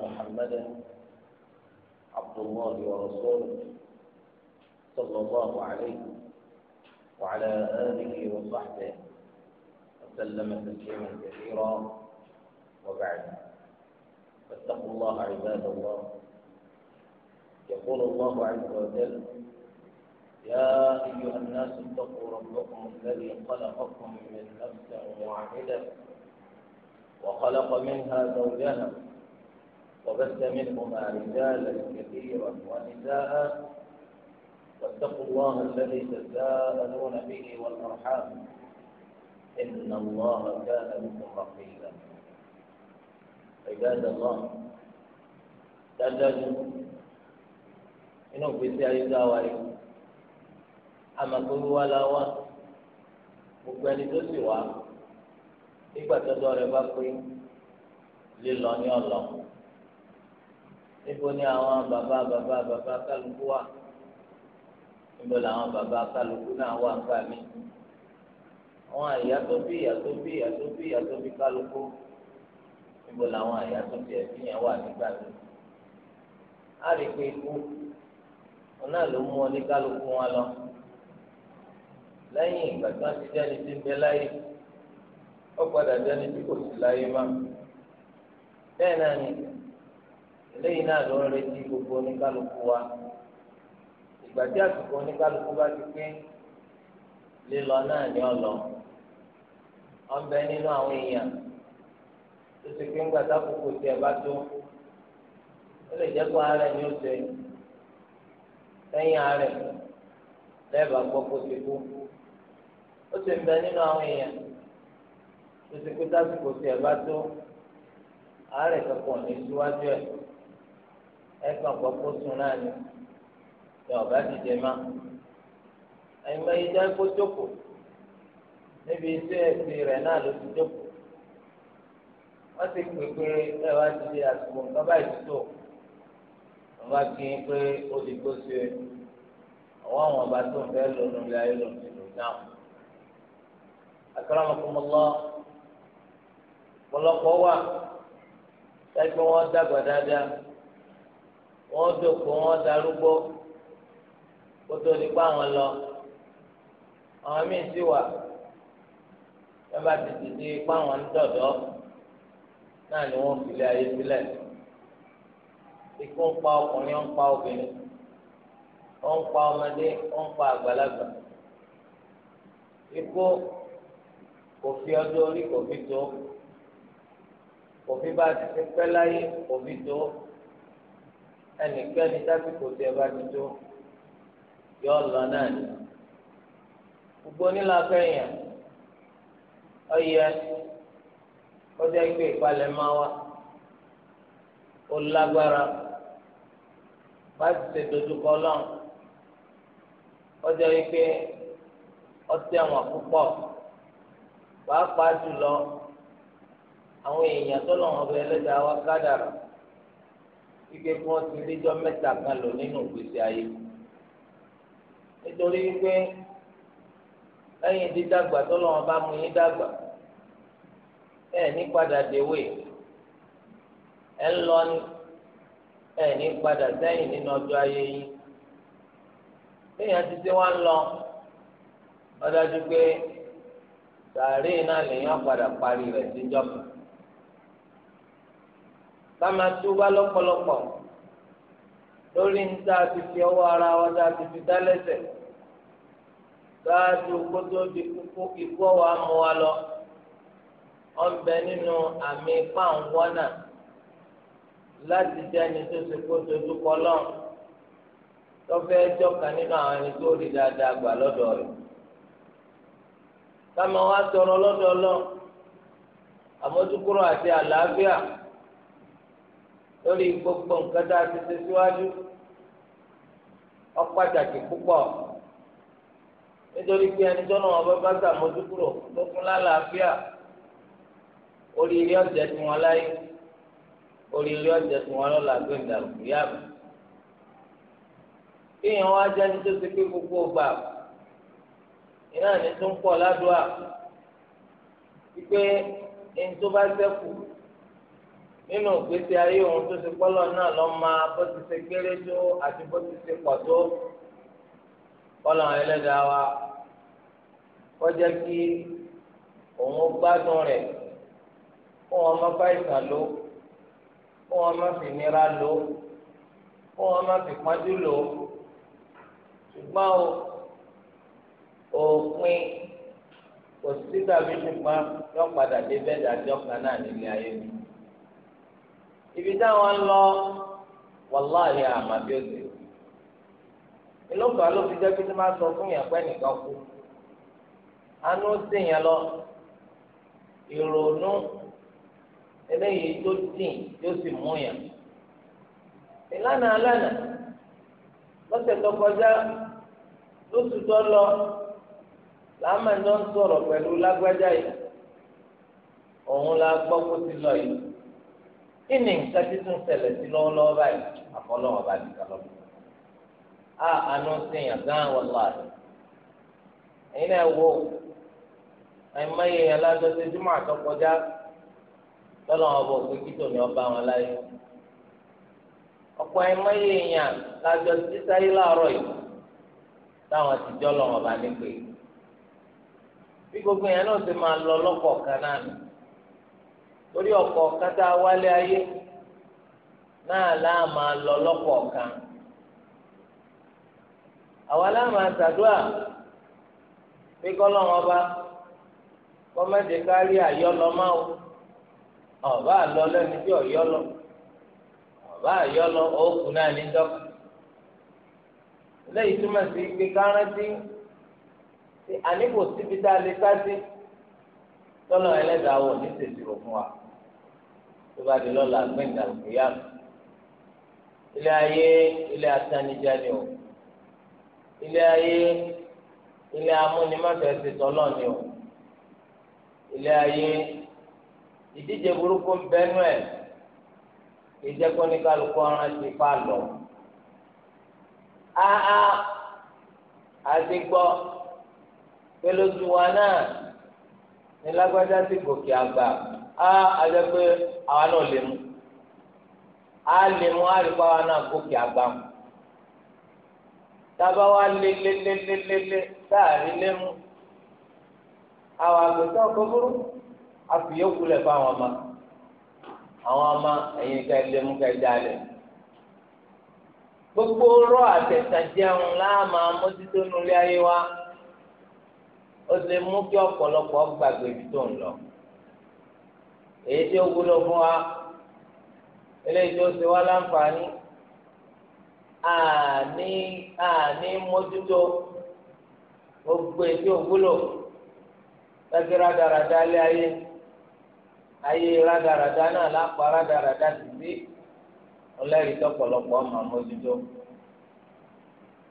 محمدا عبد الله ورسوله صلى الله عليه وعلى آله وصحبه وسلم تسليما كثيرا وبعد فاتقوا الله عباد الله يقول الله عز وجل يا أيها الناس اتقوا ربكم الذي خلقكم من نفس واحدة وخلق منها زوجها وبث منهما رجالا كثيرا ونساء واتقوا الله الذي تساءلون به والارحام ان الله كان بكم رقيبا عباد الله تعلموا انه في سعي الدواري اما كل ولا و مكان سواه إذا تدور بقي للنيا الله níbo ni àwọn bàbá bàbá bàbá kálukú wà níbo làwọn bàbá kálukú náà wà nígbà mí àwọn àyà tó bí ìyà tó bí ìyà tó bí ìyà tó bí kálukú níbo làwọn àyà tó bí ẹbí yẹn wà nígbà mí á rí i pé ikú wọn náà ló mú ọ ní kálukú wọn lọ lẹ́yìn ìgbà tí wọ́n ti jẹ́ni tí ń bẹ láyé ó padà jẹ́ni tí kò sí láyé má bẹ́ẹ̀ náà ni eléyìí náà ló ń retí gbogbo oníkálukú wa ìgbà tí àsìkò oníkálukú bá ti pé lílọ náà ní ọlọ ọbẹ nínú àwọn èèyàn tó ti pé ńgbà sákòókò tí ẹ bá tó ó lè jẹ́ pé ara ẹni ó ṣe lẹ́yìn ara ẹ̀ lẹ́ẹ̀bà gbọ́ kó ti kú ó ti ń bẹ nínú àwọn èèyàn tó ti pé sásìkò tí ẹ bá tó ara ẹ̀ kankan ní síwájú ẹ̀. ẹ̀gbọ́n gbọ́ kó naanị, náà ni ní ọ̀gá dìde má ẹ̀gbọ́n yìí jẹ́ kó jókòó níbi iṣẹ́ ẹ̀sìn rẹ̀ náà ló ti jókòó wọ́n ti pè pé dìde àsìkò kí n pé ṣe àwọn ọba tó ń fẹ́ lónú ilé wọ́n dòkó wọ́n darúgbó kó tó di pa àwọn lọ àwọn míì sì wà wọ́n bá ti dìde pa àwọn ń dọ̀dọ́ náà ni wọ́n fìlẹ̀ ayé sílẹ̀ ikú ń pa ọkùnrin ń pa obìnrin ó ń pa ọmọdé ó ń pa àgbàlagbà ikú kò fi ọdún orí kò fi tó kò fi bá ti pẹ́ láyé kò fi tó ẹnikẹ́ni tásìkò tí ẹ bá ti tó yọ lọ náà ni gbogbo nílò afẹ́yìn ọyẹ kọjá ìgbé ìpalẹ̀ máa wá ó lágbára bá ti ṣe dojúkọ lọ́n kọjá ìgbé ọtí àwọn púpọ̀ pàápàá jùlọ àwọn èèyàn tó lọ́wọ́ ọbẹ̀ ẹlẹ́dàá wá kádàrà ike kí wọn ti léjọ mẹ́ta kan lò nínú ìgbésí ayé nítorí pé lẹ́yìn dídàgbà tọ́lọ́run bá mú yín dàgbà ẹ ní padà déwé ẹ ń lọ ní ẹ ní padà sẹ́yìn nínú ọjọ́ ayé yín lẹ́yìn títí wá ń lọ ọdájú pé sàárè náà lèèyàn padà parí rẹ̀ síjọba. kama máa túbá lọ́pọ̀lọpọ̀ lórí ní tá a ara wa tá a ti Gaa dá di kúkú ikú ọwọ́ amú wa lọ ọ̀nbẹ nínú àmì pàǹwọ́nà láti jẹ́ ẹni tó ṣe kó dojú kọ lọ́n tọ́fẹ́ jọ́ka nínú àwọn ẹni tó rí dáadáa gbà lọ́dọ̀ rẹ̀ lórí gbogbo nǹkan tá a ti ṣe síwájú ọpàtàkì púpọ̀ nítorí pé ẹni tọ́nà ọba bá sàmójúkúrò tó kún lálàáfíà oríire ọ̀jẹ̀ tí wọ́n láyé oríire ọ̀jẹ̀ tí wọ́n lọ́la gbé ìdàrúkú yá mi. kéèyàn wá jẹ́ ní tó ṣe pé gbogbo ọgbà iná ní tó ń pọ̀ ládùá wípé ẹni tó bá ṣẹ́kù nínú ìgbésí ayé òun tó ti pọ́lọ́ náà lọ́ máa bó ti ṣe kéré tó àti bó ti ṣe pọ̀ tó kọ́lọ́ ẹlẹ́dàá wa kọjá kí òun gbádùn rẹ̀ kó wọn má bá ìsàn lò kó wọn má fi nira lò kó wọn má fi pọ́njú lò ṣùgbọ́n òpin kò sí tàbí ṣùgbọ́n yọ padà dé dájọ́ kan náà nílé ayé mi. ibi táwọn ń lọ wàláhì àmà bí ó ti rí inú kan ló fi jẹ́ máa sọ fún yàn pé nìkan kú anú sèyàn lọ ìrònú eléyìí tó dìn yóò sì mú yàn ìlànà alánà lọ́sẹ̀ tó kọjá lóṣù tó lọ làámà sọ̀rọ̀ pẹ̀lú lágbájá yìí òun la gbọ́ kó ti kí ni nǹkan tí tún ṣẹlẹ̀ sí lọ́wọ́lọ́wọ́ báyìí àfọlọ́wọ́ bá ti kà lọ́wọ́. a àánú sèèyàn gán wọn lọ àdé ẹ̀yin náà wò ó wọn láyé ọ̀pọ̀ sáyé láàárọ̀ yìí táwọn ti jọ́ lọ́wọ́ bá bí gbogbo náà ti máa lọ lọ́kọ̀ọ̀kan náà nù. torí ọkọ kátà wálé ayé náà láàmà lọ lọ́pọ̀ kan àwa láàmà ṣàdúrà pé kọ́lọ́run ọba ọba àlọ́ lẹ́ni tí ọ̀yọ́ lọ ọba àyọ́ lọ òkú náà ní dọ́kà lẹ́yìn túmọ̀ sí pé kárántì àníkò síbi tó bá di lọ́la gbẹ̀ngàn ìyàwó ilé ayé ilé atanijẹ ni o ilé ayé ilé amúnimáfẹsẹ tọlọ ni o ilé ayé ìdíje burúkú bẹnu ẹ ìjẹkọ ní kálukú ọràn ti fa lọ aa àti gbọ́ pẹlú tiwa náà ní lágbájá ti gòkè àgbà. á alẹ́ pé àwa náà lè mú á lè lè àwa náà gòkè àgbà mu tábà wá lé lé lé lé lé lé sáàrí lé mú Awa àgbẹ̀tọ́ gbogbo àfìyẹ́ wulẹ̀ fáwọn ọmọ àwọn ọmọ ẹ̀yin ká lé mú ká dá lẹ̀ gbogbo rọ àtẹ̀tàjẹun láàmà mójútó nulẹ̀ ayé wa lè mú kí gbàgbé tó ń lọ. èyí tí ó wúlò fún wa eléyìí tó ṣe wá láǹfààní àní àní mójútó gbogbo èyí tí ó wúlò gbẹgẹ rádaràda lé ayé ayé rádaràda náà lápá rádaràda sì sí ọlẹ́rìí tọ̀pọ̀lọpọ̀ ọmọ mójútó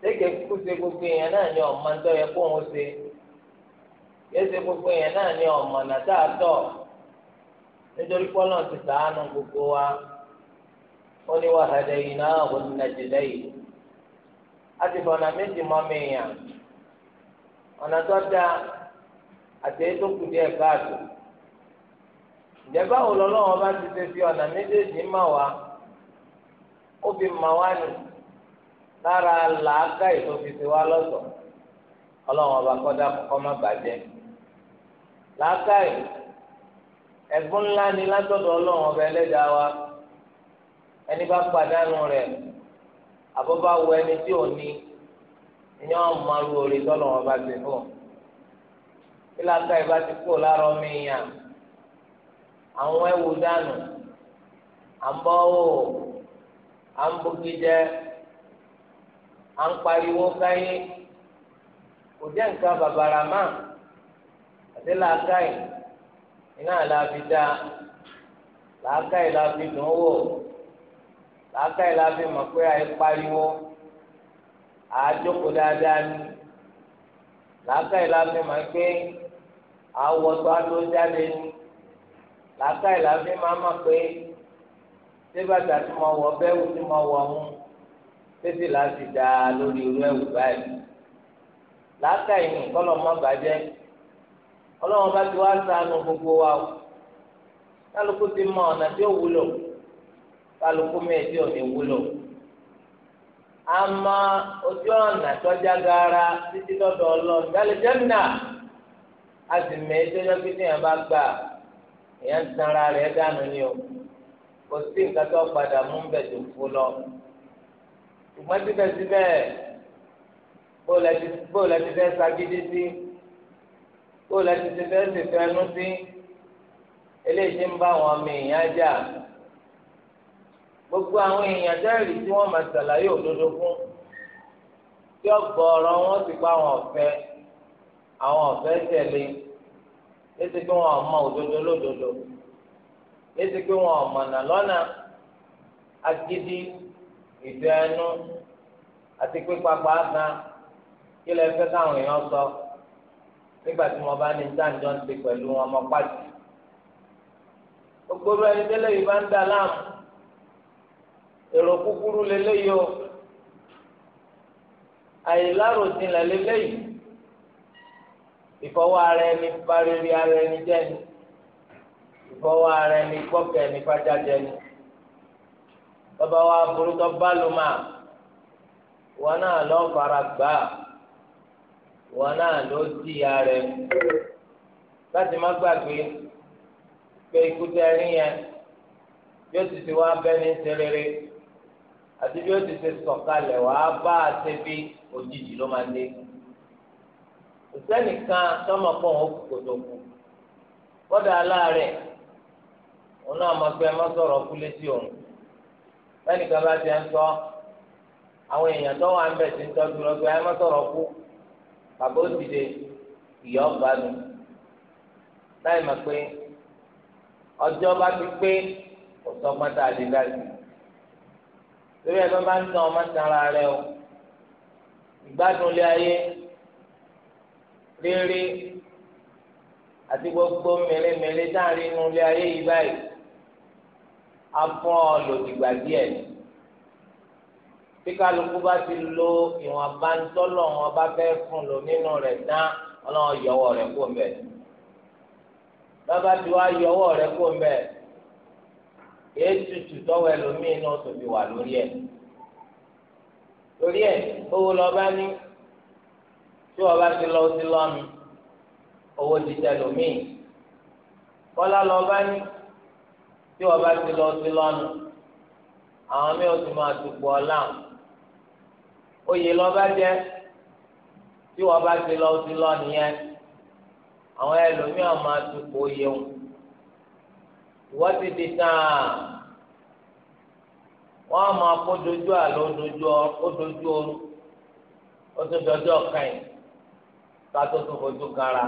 sékè kúkú ṣe gbogbo èèyàn náà ní ọmọ ntọ́ yẹ kó wọn ṣe yẹ ṣe gbogbo èèyàn náà ní ọmọ nàtà tọ̀ nítorí pọ́lọ́ ti sàánú gbogbo wa ó ní wa hadaynahu najdayn a ti fọ̀nà méjì mọ́ mi yàn ọ̀nà tó dáa àti èyí tó kù díẹ̀ káàtó ìjẹba wo lọ́lọ́wọ́ bá ti ṣe fi ọ̀nà méjèèjì mà wá ó fi mà wá ní lára làákà ìtòfìsì wa lọ́sọ̀ọ́ ọlọ́wọ́ bá kọ́ dá kọ́kọ́ má bàjẹ́ làákà yìí. ẹ̀bùn ńlá ni látọ̀dọ̀ ọlọ́run ọba ẹlẹ́dàá wa ẹni bá pàdánù rẹ̀ àbọ̀bá wọ ẹni tí ò ní ìyẹn wọn máa lu tọ́lọ̀ wọn ti fún kí láta ìbá ti kú lára ọmọ èèyàn àwọn ẹwù dànù iná làáfi dá làákàyè làáfi dùn wò làákàyè làáfi mọ̀ pé àyè pariwo àájókòó dáadáa ni làákàyè làáfi mọ̀ pé àwọ̀tò àdó jáde ni làákàyè làáfi máa mọ̀ pé sébàtà tí mo wọ̀ bẹ́ẹ̀wù tí mo wọ̀ mu tètè láti dá lórí irú ẹ̀wù báyìí làákàyè nìkọ́lọ́ mọ́ bàjẹ́ ọlọ́run bá ti wá ṣàánú gbogbo wa o kálukú ti mọ ọ̀nà tí ó wúlò kálukú mẹ́ẹ̀ tí ò ní wúlò ama ojú ọ̀nà tọ́já gara títí lọ́dọ̀ ọlọ́run dálẹ́ jẹ́mínà a sì mẹ́ẹ̀ tó yẹ kí téèyàn bá gbà èèyàn ti sanra rẹ̀ dànù ni o kò sí nǹkan tó padà mú bẹ̀ tó fún lọ ṣùgbọ́n síbẹ̀síbẹ̀ bó lẹ ti fẹ́ sagídí sí kó o lẹ́sìn ti fẹ́ẹ́ sì fẹ́ẹ́ nú sí eléyìí ti ń bá àwọn ọmọ èèyàn jà gbogbo àwọn èèyàn jẹ́rìí tí wọ́n máa ṣàlàyé òdodo fún tí ọgbọ ọ̀rọ̀ wọn ti pa àwọn ọ̀fẹ́ àwọn ọ̀fẹ́ tẹ̀lé létí pé wọn ọmọ òdodo lódodo létí pé wọn ọmọnà lọ́nà agídí ìfẹ́ àti pípapá gan kí lè fẹ́ káwọn èèyàn sọ. So nígbà tí mo bá ní sáǹjọ ń ṣe pẹ̀lú ọmọ pàtì gbogbo ẹni tẹ́lẹ̀ yìí bá ń dà láàmú èrò kúkúrú lélẹ́yìí o àyèláròjinlẹ̀ lélẹ́yìí ìfọwọ́ ara ẹni pariri ara ẹni jẹ́ni ìfọwọ́ ara ẹni gbọ́kẹ́ ẹni fájájẹni bàbá wa burúkọ bá lò máa wọn náà lọ́ọ́ fara gbà wọn náà ló di ya rẹ láti má gbàgbé pé ikú tẹ rí yẹn bí ó ti ti wá àti bí ó ti ti bá a ṣe bí òjijì ló máa dé ìsẹ́nìkan tọmọkùn òkùnkùn tó kù kọ́dà aláàárẹ̀ òun náà pé kú létí òun bá ti ń sọ àwọn èèyàn tó wà ń bàbá ó dìde ìyá ọba nù láì mọ̀ pé ọjọ́ bá ti pé kò sọ pátá àdéhà sí lórí ẹ̀ bá bá ń tan ọmọ tan ara rẹ o ìgbádùn ilé ayé rírí àti gbogbo mèremère dáàrin inú ilé ayé yìí báyìí afọ́ lòdìgbà díẹ̀ ni bí kálukú bá ti lo ìwọ̀n abáńtọ́lọ̀ wọn bá fẹ́ fún lò nínú rẹ̀ dán ọlọ́run yọwọ́ rẹ̀ kó mbẹ́ bàbá tí wàá yọwọ́ rẹ̀ kó mbẹ́ yéé tutù tọwọ́ ẹlòmíín náà tó fi wà lórí ẹ̀ torí ẹ̀ owó lọ́ba ní tí wọ́n bá ti lọ sí lọ́nu owó ti tẹ lòmíín kọ́lá lọ́ba ní tí wọ́n bá ti lọ sí lọ́nu àwọn mi ò tún máa tukọ̀ ọ̀la oyè lọba jẹ tí wọn bá ti lọ ti lọ nìyẹn àwọn ẹlòmíràn máa ti kó oyè wọn wọ́n ti di tán wọ́n máa kó dojú àlọ́ dojú ó dojú ooru ó tún dojú ọ̀kan yìí ká tó tún fojú kara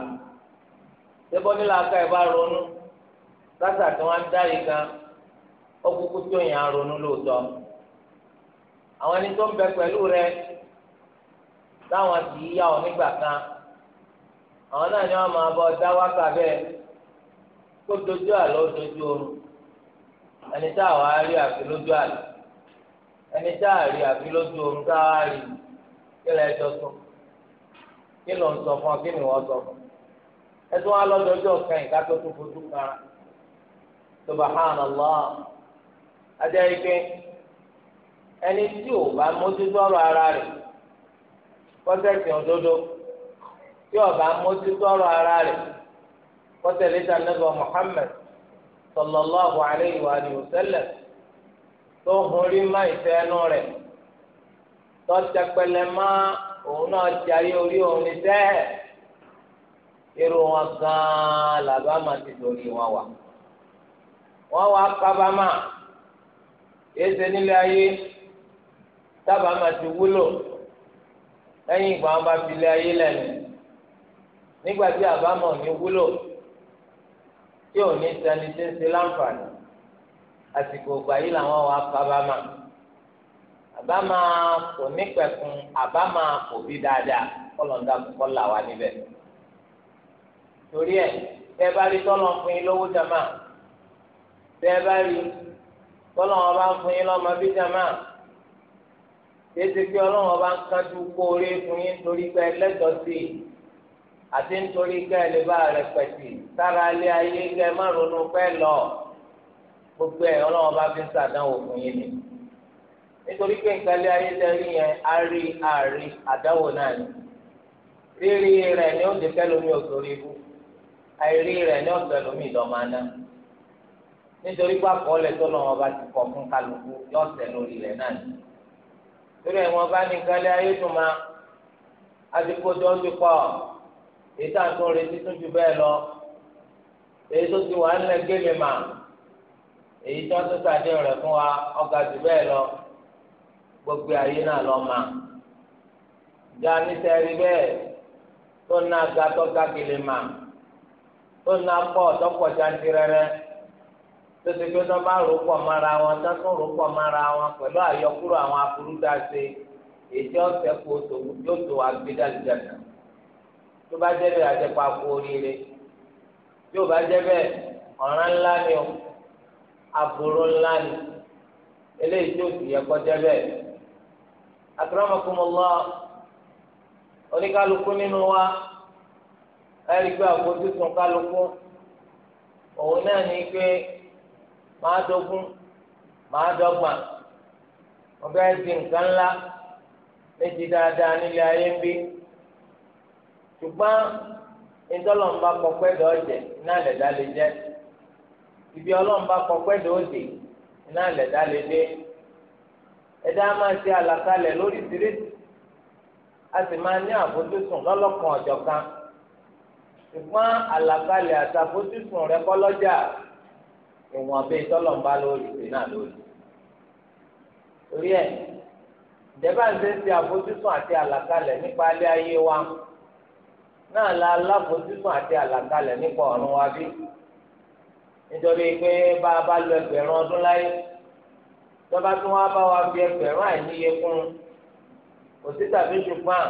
débọ́ nílò aka ẹ̀ bá ronú sátà tí wọ́n ń dá yìí kan ó kúkú tó yàn án ronú lóòótọ́. àwọn ẹni tó ń bẹ pẹ̀lú rẹ táwọn kì yá ọ nígbà kan àwọn náà ni wọn máa bọ dá wákà kó dojú dojú oorun ẹni tá àwọn arí àfi lójú ẹni tá àrí àfi lójú oorun sọ fún ọ kí sọ fún ẹ tún wá tó fojú kan subahánàlá ẹni tí ò bá mójútó ọ̀rọ̀ ara rẹ̀ kọ́sẹ̀sì òdodo tí ò bá mójútó ọ̀rọ̀ ara rẹ̀ kọ́sẹ̀lẹ̀ sànẹ́gbọ̀ Muhammad sallallahu alayhi wa sallam tó hunrí má ìfẹ́ ẹnu rẹ̀ tó tẹpẹlẹ má òun náà jayé orí òun ní sẹ́ẹ̀ irú wọn gan-an làbá máa ti dòrí wọn wà wọn wá kábàámà yéé nílé ayé sábà máa ti wúlò lẹ́yìn ìgbà wọn bá filẹ̀ ayé lẹ́nu nígbà tí àbámọ̀ ní wúlò tí ò ní sani tí ń ṣe láǹfààní àsìkò ìgbà yìí làwọn wà kábàámà àbámà kò ní pẹ̀kun àbámà kò bí dáadáa kọlọ̀ǹda kọ́ là wá níbẹ̀ torí ẹ̀ tẹ́ bá rí tọ́lọ̀ fún yín lówó jàmá tẹ́ bá rí tọ́lọ̀ wọn bá fún yín lọ́mọ bí jàmá èsì pé ọlọ́run ọba ń kájú kó orí fún yín torí pé ẹlẹ́tọ̀ọ́ sí i àti nítorí pé ẹ lè bá rẹ pẹ̀tì sára ilé ayé kẹ má ronú pẹ́ lọ gbogbo ẹ̀ ọlọ́run ọba fi ń ṣàdánwò fún yín ni nítorí pé nǹkan ilé ayé tẹ́lẹ̀ yẹn á àárí àdánwò náà ni rírí rẹ̀ ni ó ń dikẹ́ lómi òsòrí ibú àìrí rẹ̀ ni ó lómi ìdọ́mọ́ná nítorí pé àkọọ́lẹ̀ tó lọ́wọ́ ọba ti kọ fún kálukú yọ̀ọ̀sẹ̀ lórí rẹ̀ náà ni. torí ẹ̀ wọn bá ní nǹkan lé ayé tó máa adikodo ti pọ̀ èyí tá retí tún ju bẹ́ẹ̀ lọ èyí tó ti wà ń mà èyí tó tó sàdé rẹ̀ fún wa ọ̀gá lọ gbogbo ayé náà lọ mà já níta bẹ́ẹ̀ tó ná mà tó ná pọ̀ tètè pé tó bá rò pọ̀ mọ́ra wọn tó tún rò pọ̀ mọ́ra wọn pẹ̀lú àyọkúrò àwọn aburú tá a ṣe ètò ọ̀sẹ̀ kó tó yóò tó agbẹ́dàlùjẹ̀dà tó bá jẹ́ bẹ́ẹ̀ àjẹpà kú oríire tí ò bá jẹ́ bẹ́ẹ̀ ọ̀ràn ńlá ni o aburú ńlá ni eléyìí tó sì yẹ kó jẹ́ bẹ́ẹ̀. akramakumullah oníkálukú nínú wa ẹ̀rí pé àfojúsùn kálukú òun náà ní pé. máa dógún máa dọ́gba ọ̀gá ẹ̀sìn nǹkan ńlá méjì dáadáa nílé ayé ń bí ṣùgbọ́n ìdọ́lọ́mbà kọ̀pẹ́ dọ́ọ̀jẹ̀ iná lẹ̀dá lè jẹ́ ibi ọlọ́mbà kọ̀pẹ́ dọ́ọ̀dè iná lẹ̀dá lè dé ẹ̀dá máa ṣe àlàkalẹ̀ lórí tìrìtì a sì máa ní àfojúsùn lọ́lọ́kan ṣùgbọ́n àlàkalẹ̀ rẹ̀ ìwọ̀n abẹ́ tọ́lọ̀mbá lórí ìpè náà lórí. torí ẹ̀ ìjẹba ń ṣe ń ṣe àfojúsùn àti àlàkalẹ̀ nípa alẹ́ ayé wa náà la aláfojúsùn àti àlàkalẹ̀ nípa ọ̀run wa bí nítorí pé bá a bá lọ ẹgbẹ̀rún ọdún láyé tọ́ba tí wọ́n bá wa fi ẹgbẹ̀rún àìníye kún kò sí tàbí ṣùgbọ́n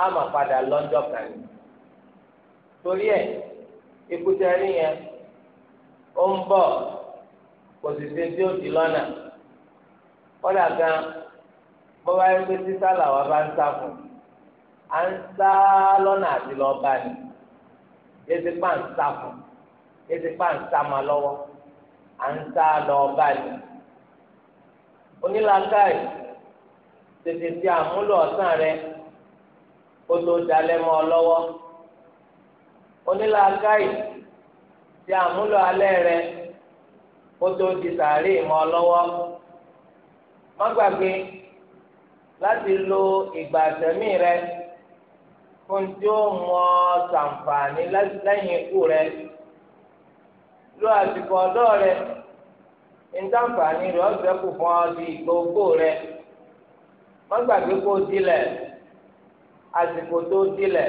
a máa padà lọ́jọ́ kan torí ẹ̀ ikú tẹ́rí yẹn ó ń bọ̀ kò sì sí tí ó di lọ́nà kọ́dà gan bó bá yẹ pé títà làwọn bá ń sá fún à ń sá lọ́nà àti lọ́ọ́ bá ní yéésì pa ń sá fún yéésì pa ń sá ma lọ́wọ́ à ń sá lọ́ọ́ bá ní. tètè ti àmúlò ọ̀sán rẹ kó tó dalẹ́ mọ́ ọ lọ́wọ́ onílàákàyè. ṣe àmúlò alẹ́ rẹ kó tó di sàárè mọ́ lọ́wọ́ má gbàgbé láti lo ìgbà àtẹ̀mí rẹ fún tí ó mọ sàǹfààní lẹ́yìn ikú rẹ lo àsìkò ọ̀dọ́ rẹ ìtàǹfààní rẹ ọ̀sẹ̀ kù fún ọ di gbogbo rẹ má gbàgbé kó dilẹ̀ àsìkò tó dilẹ̀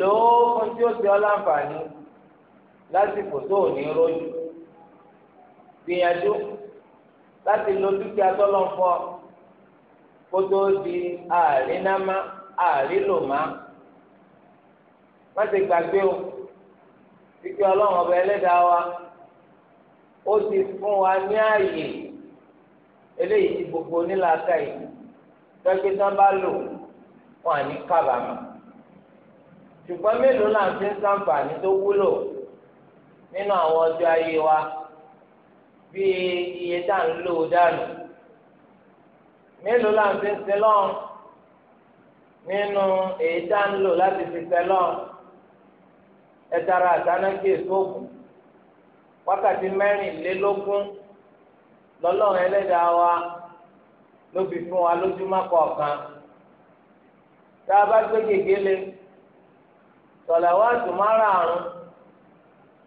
lo fún tí ó ti ọ láǹfààní. lásìkò tó ò ní rójú gbìyànjú láti lo dúkìá tọ́lọ́fọ́ kó tó di àrínámá àrílòmá má ti gbàgbé o títí ọlọ́run ọba ẹlẹ́dàá wa ó ti fún wa ní ààyè eléyìí ti gbogbo onílàáta yìí gbẹgbẹ tán bá lò wọn à ní kábàámà ṣùgbọ́n mélòó là ń fi ń sàǹfààní tó wúlò. nínú àwọn ọjọ́ ayé wa bí iye tá à ń lò dànù mélòó là ń fi ń sin lọ́n nínú èyí tá à ń lò láti fi sin lọ́n ẹ tara àtànákì sóògùn wákàtí mẹ́rìnlélógún lọ́lọ́run ẹlẹ́dàá wa ló fi fún wa lójúmọ́ kọ̀ọ̀kan tá a bá gbé gègé lé sọ̀làwátù márààrún.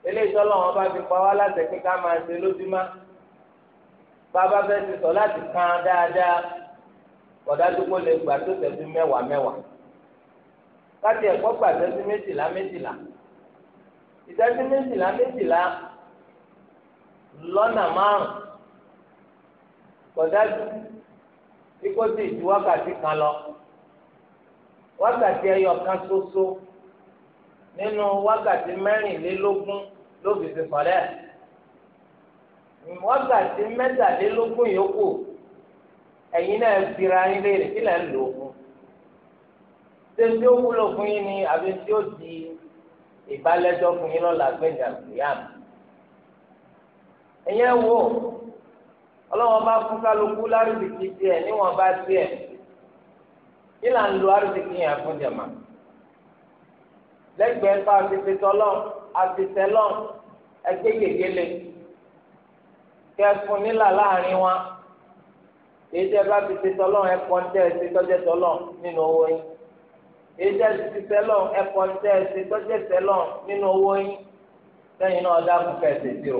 eléyìí tó lọ́wọ́ bá fi pa wá láti pé ká máa ṣe lójúmọ́ bàbá fẹ́ ti sọ láti kan dáadáa kọ̀dájú kó lè gbà tó tẹ̀sí mẹ́wàá mẹ́wàá káti ẹ̀kọ́ gbà tẹ̀sí méjìlá méjìlá ìtẹ̀sí méjìlá méjìlá lọ́nà márùn kọ̀dájú kíkó sí ìju wákàtí kan lọ wákàtí ẹyọ kan ṣoṣo nínú wákàtí mẹ́rìnlélógún ló fi fi sọ̀lẹ́ wákàtí mẹ́tàlélógún yòókù ẹ̀yin náà fira yín léèrè kí lẹ̀ ń lò fún ṣé tí ó wúlò fún yín ni àbí tí ó di ìbálẹ́jọ́ fún yín lọ́la gbẹ̀dà kìyàm ẹ̀yin wo ọlọ́wọ́n bá fún kálukú lárúbìkì tiẹ̀ níwọ̀n bá tiẹ̀ kí là ń lo lárúbìkì yẹn fún jẹ̀mà lẹ́gbẹ̀ẹ́ fáwọn ti fi tọ́lọ́ àfisẹlọn ẹgbẹ yèyéle kẹfún nílà láàrin wa èyí tẹ bá fi ṣe tọlọ ẹkọ tẹ ẹ ṣe tọjẹ tọlọ nínú owó yín èyí tẹ fi sẹlọ ẹkọ tẹ ẹ ṣe tọjẹ sẹlọ nínú owó yín lẹ́yìn náà dákun kẹsì sí o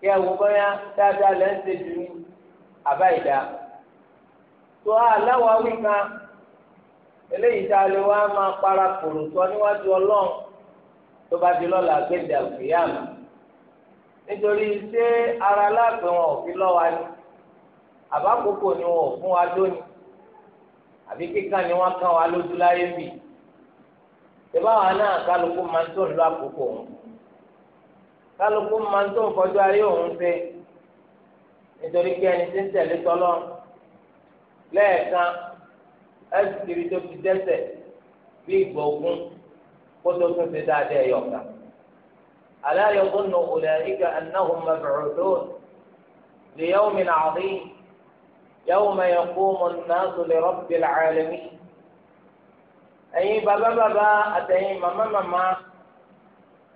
kí ẹ wò bóyá dáadáa lẹ ń ṣe jù ní àbá ìdá tó aláwa wí kan eléyìí tá a lè wá máa para kòrò sọ níwájú Ọlọ́run tó bá di lọ́la gbẹ̀dẹ̀ àlùkìyàmù nítorí ṣé ara láàpẹ̀ wọn ò fi lọ́wa ni àbákòókò ni wọn ò fún wa lónìí àbí kíkà ni wọn kàn wá lójú láyé bì ìbáwa náà kálukú máa ń tó nílò àkókò òun kálukú máa ń tó nfọjú ayé òun ṣe nítorí pé ẹni tí ń tẹ̀lé tọ́lọ́ lẹ́ẹ̀kan ẹ̀sì tó ti dẹ́sẹ̀ bí ìgbà ogun kótó tó ti dáadé ẹ̀yọ̀ká. ألا يظن أولئك أنهم مبعوثون ليوم عظيم يوم يقوم الناس لرب العالمين ẹ̀yin bàbá bàbá àtẹ̀yin màmá màmá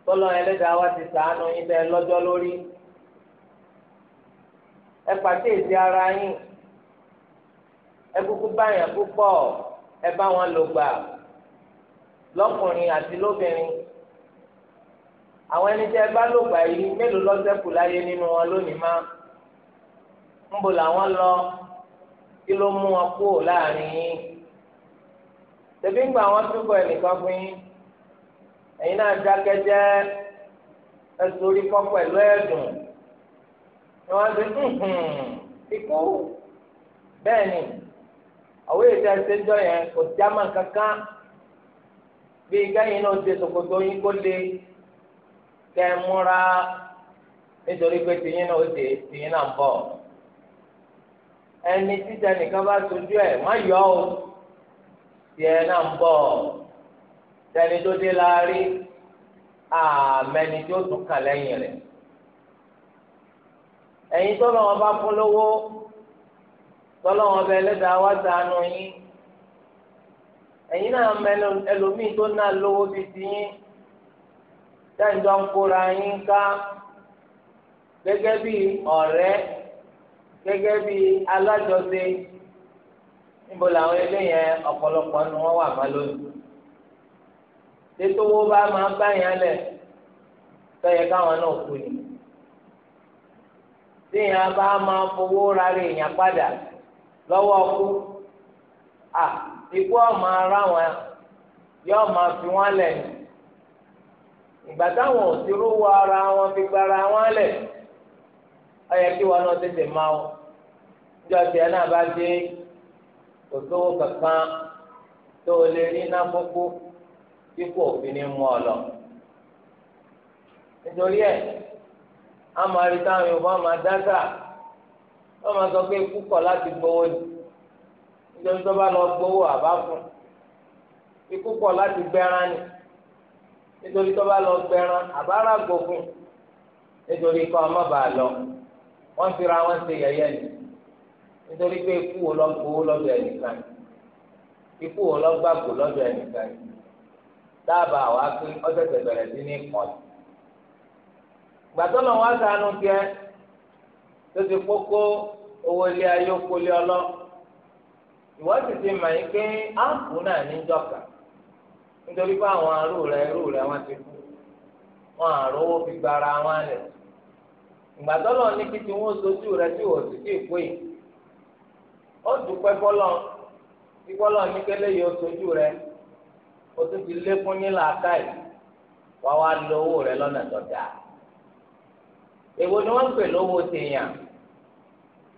tọlọ Ẹlẹ́dàá wa ti ṣàánú yín tẹ́ lọ́jọ́ lórí ẹ pàkíyèsí ara yín ẹ kúkú báyàn púpọ̀ ẹ bá wọn lò gbà lọ́kùnrin àti lóbìnrin àwọn ẹni tẹ́ bá lògbà yìí mélòó lọ́sẹ̀kù láyé nínú wọn lónìí má ń bò làwọn lọ kí ló mú wọn kúrò láàrin yín tẹ̀bí ń gbà wọ́n túbọ̀ ẹnìkan fún yín ẹ̀yin náà dákẹ́ jẹ́ ẹsùn orí kọ́ pẹ̀lú ẹ̀dùn ni wọ́n ti ikú bẹ́ẹ̀ ni àwọn èdè ẹsẹ̀ jọ yẹn kò já mọ́ kankan. bí gáyìn náà ṣe ṣòkòtò yín kó lé kẹ múra nítorí pé tìyín náà ó ṣe tìyín náà ń bọ̀ ẹni títa nìkan bá sojú ẹ má yọ ọ tìyẹ náà ń bọ̀ tẹni tó dé láàrin àmẹni tí tún kà lẹ́yìn rẹ̀ ẹ̀yin bá fún lówó bẹ wá ẹ̀yin náà mẹ́lò ẹlòmíì tó náà lówó bíi ti yín tẹ́ǹjọ́ ń kóra yín ká gẹ́gẹ́ bí ọ̀rẹ́ gẹ́gẹ́ bí alájọsẹ níbo làwọn ọ̀pọ̀lọpọ̀ ni wọ́n wà má lónìí tètòwó bá máa bá káwọn ikú ọmọ ara wọn yóò máa fi wọn lẹ̀ ìgbà táwọn ò ti rúwọ ara wọn fi gbara wọn lẹ̀ ó kí wọn náà tètè máa bá dé kò sówó kankan tó o lè rí iná tí kò fi ní mú ọ lọ nítorí amọ̀ sọ pé láti gbowó nítorí tó bá lọ gbowó àbá fún ikú pọ̀ láti gbẹ́ran ni nítorí tó bá lọ gbẹ́ran àbá ràgbò fún nítorí kọ́ ọmọ bá lọ wọ́n fi ra wọn ṣe yẹ̀yẹ́ ni nítorí pé ikú wo lọ gbowó lọ́dọ̀ ẹnìkan ikú wo lọ gbàgbó lọ́dọ̀ ẹnìkan dábàá wá pé ọ̀sẹ̀sẹ̀ bẹ̀rẹ̀ sí ní kọ́ni gbàtọ́ lọ́wọ́ àtànù kẹ́ tó ti kókó owó ilé ayé okòólé ọlọ́ọ̀ ìwọ sì ti mọ̀ yín pé áàpù náà ní jọ̀ka nítorí pé àwọn arú irú wọ́n ti kú wọn àrówó fi gbara wọn lẹ̀ ní kí tí wọ́n sojú rẹ̀ tí wọ́n sì ti pè ó dúpẹ́ bọ́lọ̀ bọ́lọ̀ ní kẹ́lẹ́ sojú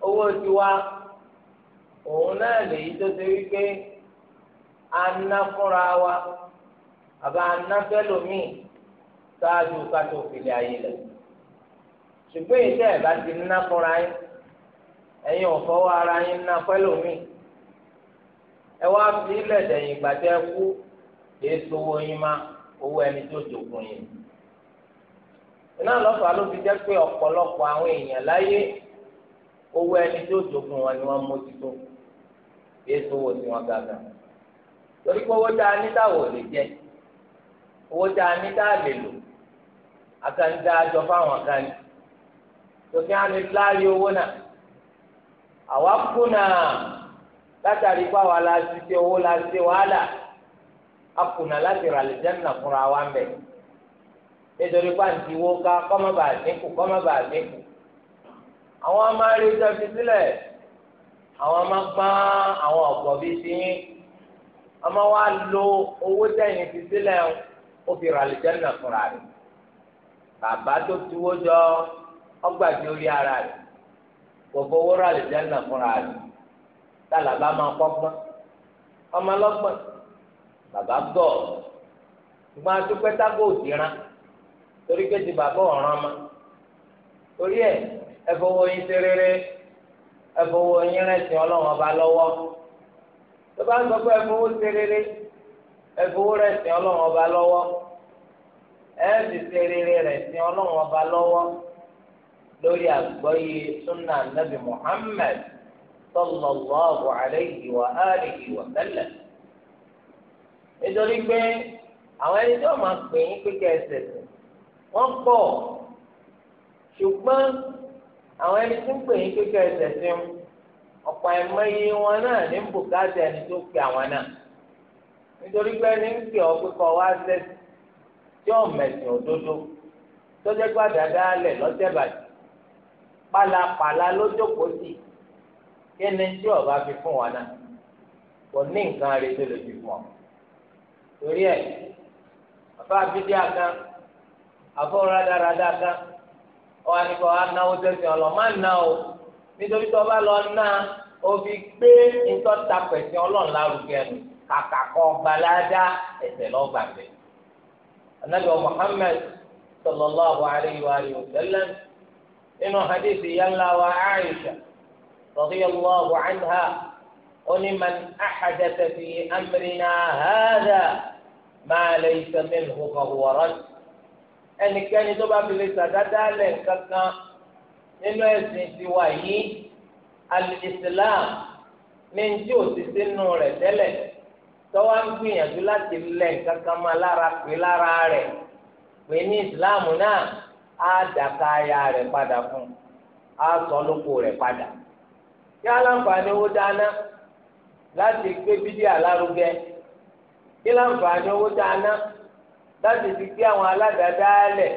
o òun náà lèyí tó ṣe wípé aná fúnra wa àbá aná fẹ́lòmíì ṣáájú kátó òfìlẹ̀ ayé lẹ̀ ṣùgbọ́n èyí tẹ́ ẹ̀ bá ti ná fúnra yín ẹ̀yin ara yín ná fẹ́lòmíì ẹ wá fi ilẹ̀ ìgbà tẹ́ kú lè sowó yín má owó ẹni tó jogún yín iná lọ́fàá ló fi jẹ́ pé ọ̀pọ̀lọpọ̀ àwọn èèyàn láyé owó ẹni tó jogún wọn èso wo tí wọn gàgà torí pé owó tá a ní táwọn ò lè jẹ owó tá a ní tá a lè lò àkàndá àjọ fáwọn kan ní tòkí á ní láàyè owó náà àwa kùnà látàrí pé àwa la ti ṣe owó la ṣe wàhálà a kùnà láti rà lè jẹ́ nà fúnra wa ń bẹ̀ nítorí pé àǹtí wo ká kọ́mọ́bà dínkù kọ́mọ́bà dínkù àwọn amáyé tó fi sílẹ̀ àwọn máa gbá àwọn ọ̀pọ̀ bíi ti yín ọmọ wa lo owó tẹ̀yìn ti sílẹ̀ ó fi rà lìjẹ́ nà fúnra rẹ̀ bàbá tó tuwó jọ ọgbà tí ó rí ara rẹ̀ gbogbo owó rà lìjẹ́ nà fúnra rẹ̀ tálàbà máa kọ́gbọ́n ọmọ lọ́gbọ́n bàbá gọ̀ ṣùgbọ́n adúpẹ́ tágò òdìrán torí pé ti bàbá ọ̀ràn ma torí ẹ̀ ẹ̀fọ́ wọ̀nyí ṣe rere ẹfọwọ yín rẹsìn Ọlọ́run ọba lọ́wọ́ tó bá ń sọ pé ẹfọwọ ṣe rere ẹfọwọ rẹsìn Ọlọ́run ọba lọ́wọ́ ẹ sì ṣe rere rẹsìn Ọlọ́run ọba lọ́wọ́ lórí àgbọ́yé sunna nabi Muhammad sallallahu alayhi wa alihi wa sallam nítorí pé àwọn ẹni tí wọn máa pè yín pé kẹsẹ wọn pọ̀ ṣùgbọ́n. àwọn ẹni tí ń pè yín kékeré ẹsẹ̀ sí ń ọ̀pọ̀ ẹ̀mọ́yé wọn náà ní bùkátà ẹni tó pè àwọn náà nítorí pé ẹni ń pè ọ́ wá sẹ́sì tí ọ̀ mẹ̀sìn òdodo tọ́jẹ́ gbàdá dálẹ̀ lọ́sẹ̀ bàjẹ́ pálapàla lójókòó sí kí ẹni tí ọba fi ní nǹkan fi fún ọ torí bàbá abidjan kan kan. kọ́ wa ní kọ́ wa náwó tẹ̀sán ọlọ́ má ná o nítorí tó bá lọ ná o fi gbé nǹkan ta pẹ̀sìn ọlọ́run lárugẹ nù kàkà kọ́ gbalada ẹ̀sẹ̀ lọ́gbà bẹ̀. anabi muhammed sallallahu alayhi wa sallam inú hadith yàlla wa aisha radiyallahu anha oni man axadata fi amrina hada ma laysa minhu fahuwa rajul ẹnikẹ́ni tó bá fi lè sàdádá lẹ̀ kankan nínú ẹ̀sìn tiwa yìí alìsílám ní njẹ́ òtítí nù rẹ̀ tẹ́lẹ̀ tọ́wọ́ ń gbìyànjú láti lẹ̀ kankan máa lára pé lára rẹ̀ pé ní ìsìláàmù náà á dàka aya rẹ̀ padà fún un á sọ lóko rẹ̀ padà kí aláǹfààní owó dáná láti gbé bídíà lárugẹ kí aláǹfààní owó dáná láti fi gbé àwọn aládàádáálẹ̀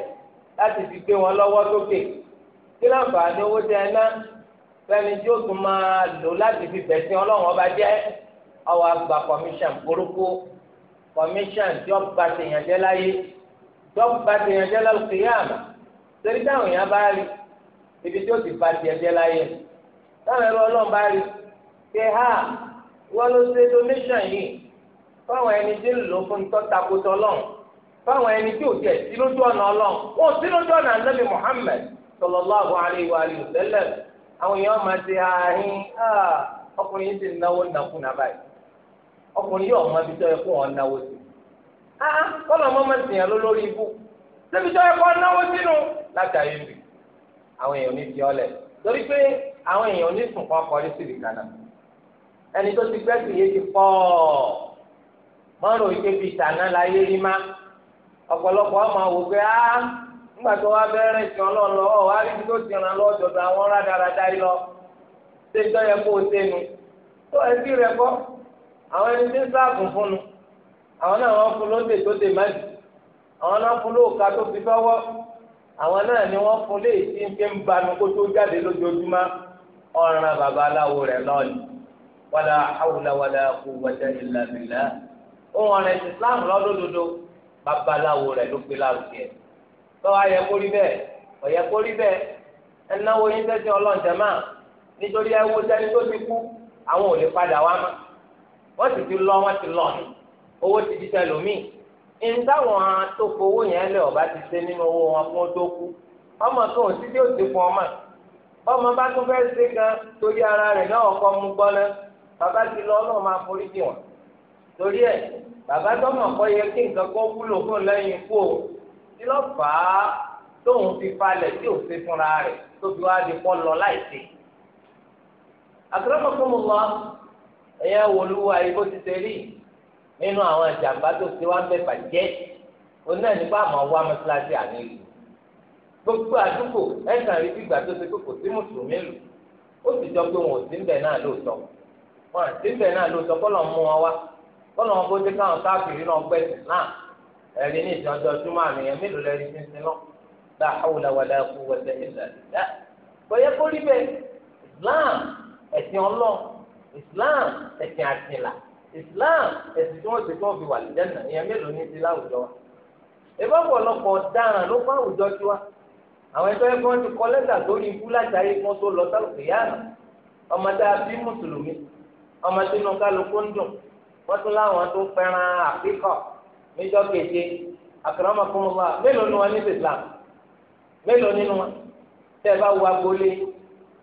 láti fi gbé wọn lọ́wọ́ sókè kí láǹfààní owó tẹ ẹ ná fẹ́ni tí ó tún máa lò láti fi bẹ̀sìn ọlọ́run ọba jẹ́ ọwọ́ àgbà commission burúkú commission tí ó ba tèèyàn jẹ́ láyé tí ó ba tèèyàn jẹ́ lálùkìyàmà torí táwọn èèyàn bá rí ibi tí ó ti ba tèèyàn jẹ́ láyé táwọn ẹ̀rọ ọlọ́run bá rí pé ha wọ́n ló ṣe donation yìí fáwọn ẹni tí ń lò fún tọ́takùtọ̀ ọlọ́run. fáwọn ẹni tí ò tiẹ̀ sí ọ̀nà ọlọ́run wọn ò ọ̀nà ànábì Muhammad alaihi wa alihi àwọn èèyàn máa ṣe ààrin ah, ọkùnrin yìí ti náwó na báyìí ọkùnrin yóò mọ ibi tó yẹ náwó sí ah, kọ́nà ọmọ máa lólórí ikú náwó sínú láti ayé àwọn èèyàn ní fiọ́lẹ̀ torí pé àwọn èèyàn ní ẹni tó ọ̀pọ̀lọpọ̀ àmọ́ àwò pé á nígbà tó wá bẹ̀rẹ̀ ìtàn náà lọ ọ̀ wá rí ibi tó ti ràn lọ́ọ́ dọ̀dọ̀ àwọn rádaràdá yìí lọ ṣé ìjọ yẹ kó o ṣe nu tó ẹbí rẹ kọ́ àwọn ẹni tí ń sáàbù fún nu àwọn náà wọ́n fún lóde tó dé má jù àwọn náà fún lóòka tó fi fọwọ́ àwọn náà ni wọ́n fún léyìí ń fi ń banu kó tó jáde lójoojúmọ́ ọ̀ràn babaláwo rẹ̀ lọ́ọ̀nì wàlà hawla wàlà quwwata illa billah òun ọ̀rẹ́ ìsìlámù lọ́dọọdọdọ babaláwo rẹ̀ ló gbé lárugẹ lọ́wọ́ ayẹ kó rí bẹ́ẹ̀ ọ̀yẹ kó rí bẹ́ẹ̀ ẹnáwó yín tẹ́sí ọlọ́ọ̀jẹ̀ máa nítorí ẹwọ sẹ́ni tó ti kú àwọn ò lè padà wá mọ́ wọ́n sì ti lọ wọ́n ti lọ ní owó ti di tẹlómi ìńdáwọn tó fowó yẹn lé ọba ti ṣe nínú owó wọn fún tó kú ọmọ kan ò sí tí ó ti fún ọmọ ọmọ bá tún fẹ́ ṣe kan torí ara rẹ̀ náà ọkọ mú gbọ́ná bàbá ti lọ ọlọ́run máa forí jì wọ́n torí ẹ̀ bàbá tọmọ kọ yẹ kí nǹkan kọ wúlò fún lẹ́yìn kú o tí lọ fà á tóun fi falẹ̀ tí ò ṣe fúnra rẹ̀ tó fi wá di pọ́ lọ láìsí. akramakumullah ẹ̀yẹ wòlúwa ibo ti ṣe rí nínú àwọn ìjàmbá tó ṣe wá ń bẹ̀ bàjẹ́ òun náà nípa àmọ́ wá mọ́ṣáláṣí àná ìlú gbogbo àdúgbò ẹ̀sán rí gbígbà tó ṣe kókò sí mùsùlùmí lù ó sì jọ pé wọn ò sí ń bẹ̀ náà lóòótọ́ kọ́nà wọn bó dé káwọn káàkiri náà gbẹ sí náà ẹ̀rí ní ìjọjọ túmọ̀ àmì ẹ̀ mélòó lẹ́rí sí sí náà la hawla wala quwwata illa billah kò yẹ kó rí bẹ́ẹ̀ islam ẹ̀sìn ọlọ́ islam ẹ̀sìn àtìlà islam ẹ̀sìn tí wọ́n ti tó fi wà lẹ́nà ìyẹn mélòó ní ti láwùjọ wa ìbá ọ̀pọ̀lọpọ̀ dáhàn ló fún àwùjọ tí wa àwọn ẹgbẹ́ ẹgbẹ́ kọ́ wọ́n tún láwọn tó fẹ́ràn àfikọ̀ níjọ́ keje àkàràmọ̀kùnmọ́wá mélòó ni wọ́n ní Islam mélòó nínú wọn tẹ́ ẹ bá wo agboolé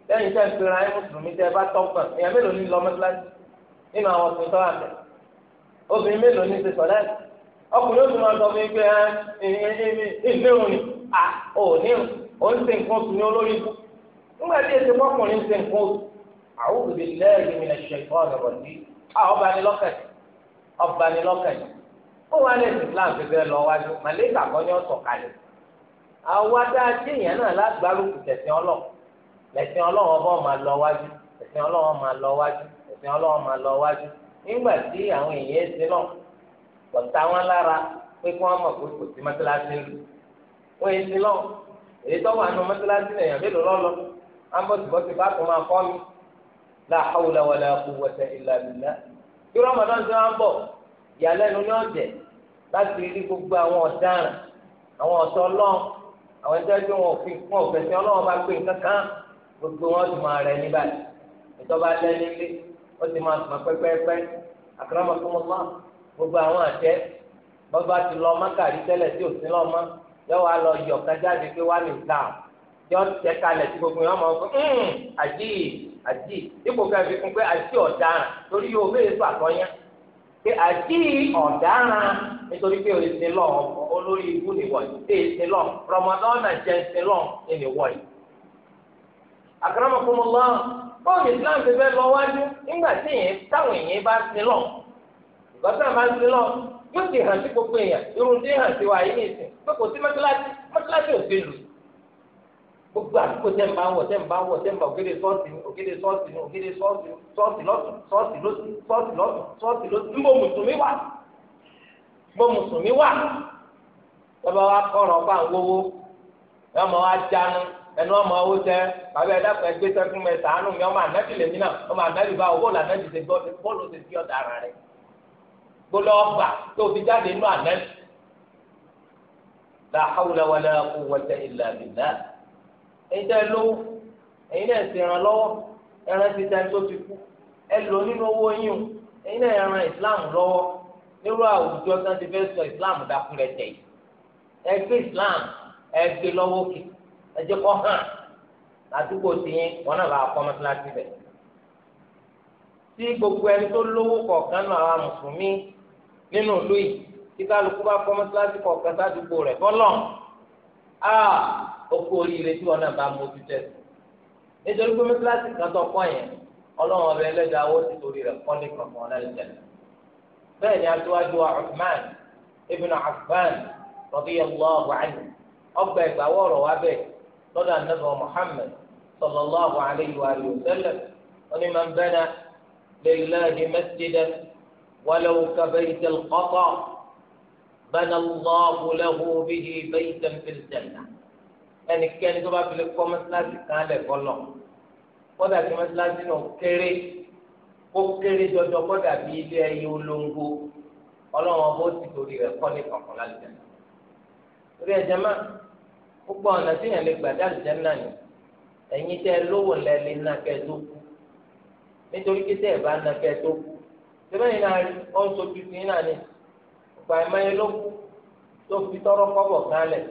lẹ́yìn tẹ́ ẹ fi ra ẹ mùsùlùmí tẹ́ ẹ bá tọ́kàn èèyàn mélòó ní lọ́mọ́síláṣí nínú àwọn ọ̀sìn tọ́wà mẹ́ obìnrin mélòó ní ti sọ̀lẹ́ ọkùnrin òsùn máa sọ fún ah, eh, eh, eh, mi pé ilé òní à ah, òní òun ṣe nǹkan oṣù ní olórí ikú nígbà tí èsì pọ́kùnrin ṣe nǹkan oṣù àwọn òbí lẹ́yìn mi lè ṣe ìfọ́ ọ̀rọ̀ sí àwọn ọba ni lọ́kẹ̀ẹ́ ọba ni lọ́kàn yìí ó wà ní Islam fi fẹ́ lọ wájú màlẹ́kà kan ní ọ̀sọ̀ kalẹ̀ àwa dá déèyàn náà lágbárùkù tẹ̀sán ọlọ́ọ̀ lẹ̀sìn ọlọ́ọ̀ ọba máa lọ wájú ẹ̀sìn ọlọ́ọ̀ máa lọ wájú ẹ̀sìn ọlọ́ọ̀ máa lọ wájú nígbà tí àwọn èèyàn ẹ̀sìn náà kò ta wọn lára pé kí wọ́n mọ̀ pé kò sí mọ́tíláṣí ń lù wọ́n ẹ̀sìn náà èyí tó wà nù mọ́tíláṣí lèèyàn mélòó lọ́lọ́ ambọ̀tìbọ̀tì bá tó máa kọ́ mi la hawla wala quwwata illa bí rọmọdún ti máa ń bọ̀ ìyàlẹ́nu ní ọ̀jẹ̀ láti rí gbogbo àwọn ọ̀daràn àwọn ọ̀tọ̀ ọlọ́run àwọn ẹjọ́ tí wọn fi fún ọ̀fẹ́sẹ̀ ọlọ́run bá pè kankan gbogbo wọn ti máa rẹ níbà ìtọ́ba lẹ́ni lé ó ti máa sùn pẹ́pẹ́pẹ́ àkàràmọ̀ fún wọn máa gbogbo àwọn àtẹ bọ́ba ti lọ mọ́kàrí tẹ́lẹ̀ tí ò sí lọ mọ́ yóò wá lọ yọ̀ kájáde pé wá ní ìta yọ tẹ́ kalẹ̀ tí gbogbo yẹn máa fún hmm, àjíì àti ipò ká fi kún pé àti ọ̀daràn torí yóò bẹ́ẹ̀ fà kọ́yá pé àti ọ̀daràn nítorí pé o ṣe lọ olórí ibú nìwọ̀nyí e ṣe é ṣe lọ rọmọdọ́nà jẹ́ ṣe lọ nìwọ̀nyí. àkàràmọ̀kọ́mọ́lá bọ́ọ̀lù Islam ti fẹ́ lọ wájú nígbà tí táwọn bá lọ ìgbàsá máa lọ yóò ti wa gbogbo àdúgbò tẹ̀ ń bá wọ̀ tẹ̀ ń bá wọ̀ tẹ̀ ń bá ògèdè sọ́ọ̀sì ní ògèdè sọ́ọ̀sì ní ògèdè sọ́ọ̀sì sọ́ọ̀sì lọ́sùn sọ́ọ̀sì lọ́sùn sọ́ọ̀sì lọ́sùn sọ́ọ̀sì lọ́sùn ń bọ mùsùlùmí wà bọ mùsùlùmí wà tọ́ba wa kọ̀rọ̀ ọba àwòwò ẹ ọmọ wa jánu ẹnu ọmọ owó tẹ bàbá ẹ dàpọ̀ ẹgbẹ́ sẹ́kùn mẹ sàánù mi ọmọ ànábì lèmi náà ọmọ ànábì bá owó lànábì ṣe gbọ́ bọ́ọ̀lù ṣe fi ọ̀dà ara rẹ̀ gbọ́dọ̀ ọgbà tó fi jáde inú ànábì la hawla wala quwwata illa ẹ̀yin tẹ́ ẹ lówó ẹ̀yin náà ti ràn lọ́wọ́ ẹran ti tẹ́ tó ti kú ẹ lò nínú owó yín o ẹ̀yin náà ẹran islam lọ́wọ́ nírú àwùjọ tán ti sọ islam dákúrẹ́ tẹ̀ ẹ gbé ìsìláàmù ẹ gbé lọ́wọ́ kì ẹ ha kọ́ hàn àdúgbò tiyín wọn náà bá kọ́ gbogbo ẹni tó lówó kọ̀ọ̀kan àwọn mùsùlùmí nínú ìlú yìí kálukú bá kọ́ kọ̀ọ̀kan sádùúgbò rẹ̀ a oko oríire tí wọn náà bá mójú tẹ nítorí pé mẹsàlásì kan tó kọ yẹn Ọlọ́run ọbẹ Ẹlẹ́dàá ó ti torí rẹ̀ kọ́ ní kankan náà lẹ́nu bẹ́ẹ̀ ni aṣáájú wa Uthman ibn Affan radiyallahu anhu ọgbà ìgbà wọ̀rọ̀ wa bẹ́ẹ̀ lọ́dọ̀ anabi Muhammad sallallahu alayhi wa sallam wọn ni máa ń bẹ́ẹ̀ na lillahi masjidan walau kabaytal qata bana Allahu lahu bihi baytan fil jannah ẹnikẹ́ni tó bá fi lè kọ́ mọ́sálásí kan lẹ̀ kọ́lọ̀ kọ́dà tí mọ́sálásí náà kéré kó kéré jọjọ kọ́dà bí ilé ẹyẹ olóńgbò ọlọ́run ọba ó ti torí rẹ̀ kọ́ ní kọ̀ọ̀kan lálẹ́ torí ẹ̀jẹ̀ máa gbogbo ọ̀nà tí yẹn lè gbà dá náà ni ẹ̀yin tẹ́ lówó lẹ́lẹ́ náà kẹ́ tó kú nítorí kí tẹ́ ẹ̀ bá náà tó kú ọ̀pọ̀ ẹ̀mẹ́yẹ ló tó fi tọrọ kọ́bọ̀ kálẹ̀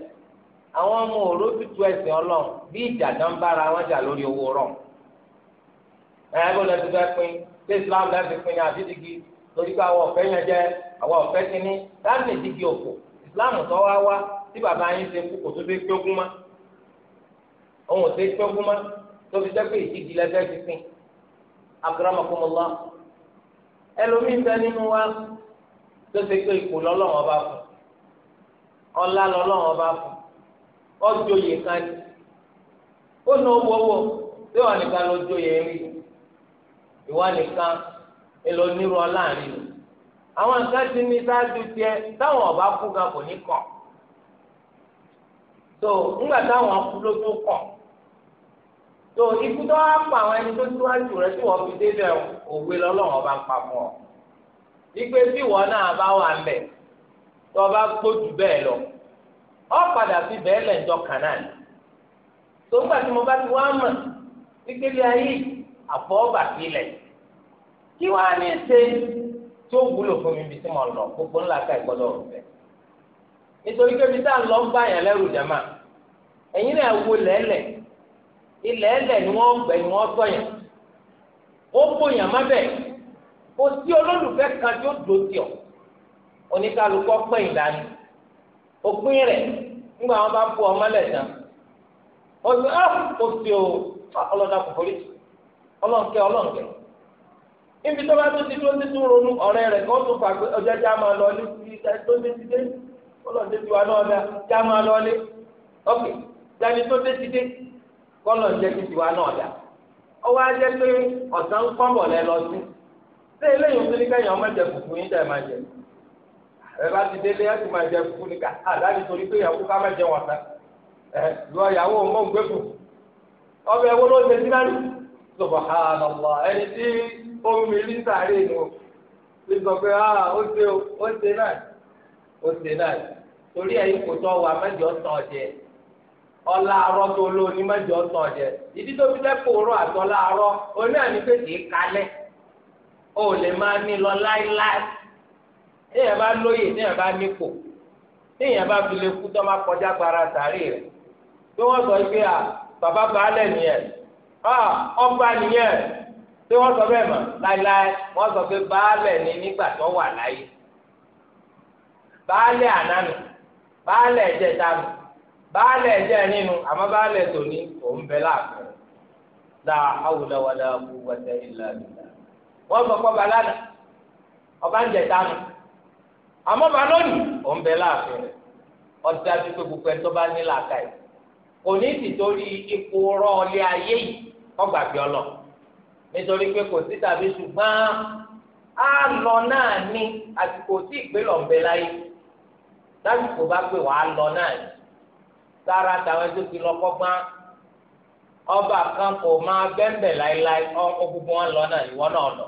àwọn ọmọ òróbì tu ẹ̀sìn ọlọ́run bí ìjàdá ń bára wọn jà lórí owó rọ̀ ẹ̀ ẹ́ bọ́lá ti fẹ́ Islam láti pin ní àbídígi torí pé Islam tó wá wá tí bàbá yín ṣe kú kò tó fi ogún mọ́ òun ò ṣe ogún mọ́ tó fi jẹ́ pé wa. tó ṣe pé ipò lọ́lọ́wọ́n bá fún ọlá lọ́lọ́wọ́n bá fún ọjọ́yè kan ní ó ná owó owó tí wọ́n nìkan ló jọyè rí ìwà nìkan èlò onírú ọlá rí o àwọn nǹkan ti ní sáájú tiẹ̀ táwọn ọba kú gan kò ní kàn tó ńgbà táwọn kú ló tó kàn tó ikú tó wá pa àwọn ẹni tó tíwájú rẹ tí wọ́n fi débẹ̀ òwe lọ́lọ́wọ́n bá ń pa fún ọ. ipe tí wọn náà bá wà ń bẹ tó bá gbójú lọ ọ padà fi bẹ́ẹ̀ lẹ́jọ́ kan ni tó gbà tí mo bá ti wá mọ kíkéle ayé àfọwọ́bà kí ní ṣe tí ó wúlò fún mi bí tí mo lọ gbogbo ńlá ká nítorí pé tá bá náà ni gbẹ ni ó má Osi sí olólùfẹ́ kan tí ó dùn ọ oníkálukọ́ pẹ́ ìlànà òpin rẹ̀ nígbà wọn bá bu ọmọ lẹ̀ tán ó ah, o ah, ọlọ́dà kò forí ọlọ́nkẹ́ ọlọ́nkẹ́ níbi tó bá tó ti tó ti tún ronú ọ̀rẹ́ rẹ̀ kó tó fàgbé ọjọ́ já máa lọ ní ti tó ti ti dé kọlọ̀ tẹ́tí wa náà dáa já máa lọ ṣé eléyìí òfin ní kẹ́yìn ọmọ jẹ fufu yín dẹ̀ máa jẹ ẹ bá ti délé ẹ ti máa jẹ fufu ní ká àdáni torí pé ìyàwó ká má jẹ wọn fẹ ẹ lọ ìyàwó ọmọ ògbé fún ọbẹ̀ wo ló ṣe sí náà subhanallah ẹni tí omi rí sàárè o sọ pé ah ó ṣe ó ṣe náà ó ṣe náà torí ẹ̀yin kò tọ́ wa mẹ́jọ tán ọ̀jẹ̀ ọlá arọ tó lóní mẹ́jọ tán ọ̀jẹ̀ ìdí tó fi o lè máa ní lọ láíláí téèyàn bá lóye téèyàn bá nípò téèyàn bá fi lè kú tó máa kọjá gbára sàárè rẹ̀ tí wọ́n sọ pé à bàbá baálẹ̀ nìyẹn à ọba nìyẹn tí wọ́n sọ bẹ́ẹ̀ mọ̀ láíláí wọ́n sọ pé baálẹ̀ ni nígbà tó wà láyé baálẹ̀ ànánu baálẹ̀ ẹ̀jẹ̀ dànù baálẹ̀ ẹ̀jẹ̀ nínú àmọ́ baálẹ̀ tòní òun bẹ láàfin la hawla wala quwwata illa billah wọ́n sọ fọ́ balada ọba ń jẹ tánu àmọ́ balóni ọ̀nbẹ láàfin rẹ̀ ọ̀dà tó tó gbogbo ẹ̀ tó bá ní làákà yìí kò ní sì torí ipò rọ́ọ̀lẹ́ ayé yìí kọ́gbà bí ọlọ nítorí pé kò sí tàbí ṣùgbọ́n á lọ náà ní àsìkò tí ìgbélọ̀ ń láyé lásìkò bá pè wàá lọ náà ní sára táwọn tó ti lọ kọ́gbọ́n ọba kan kò máa bẹ́ńbẹ̀ láéláé ọkọ̀ gbogbo wọn lọ náà ìwọ náà lọ.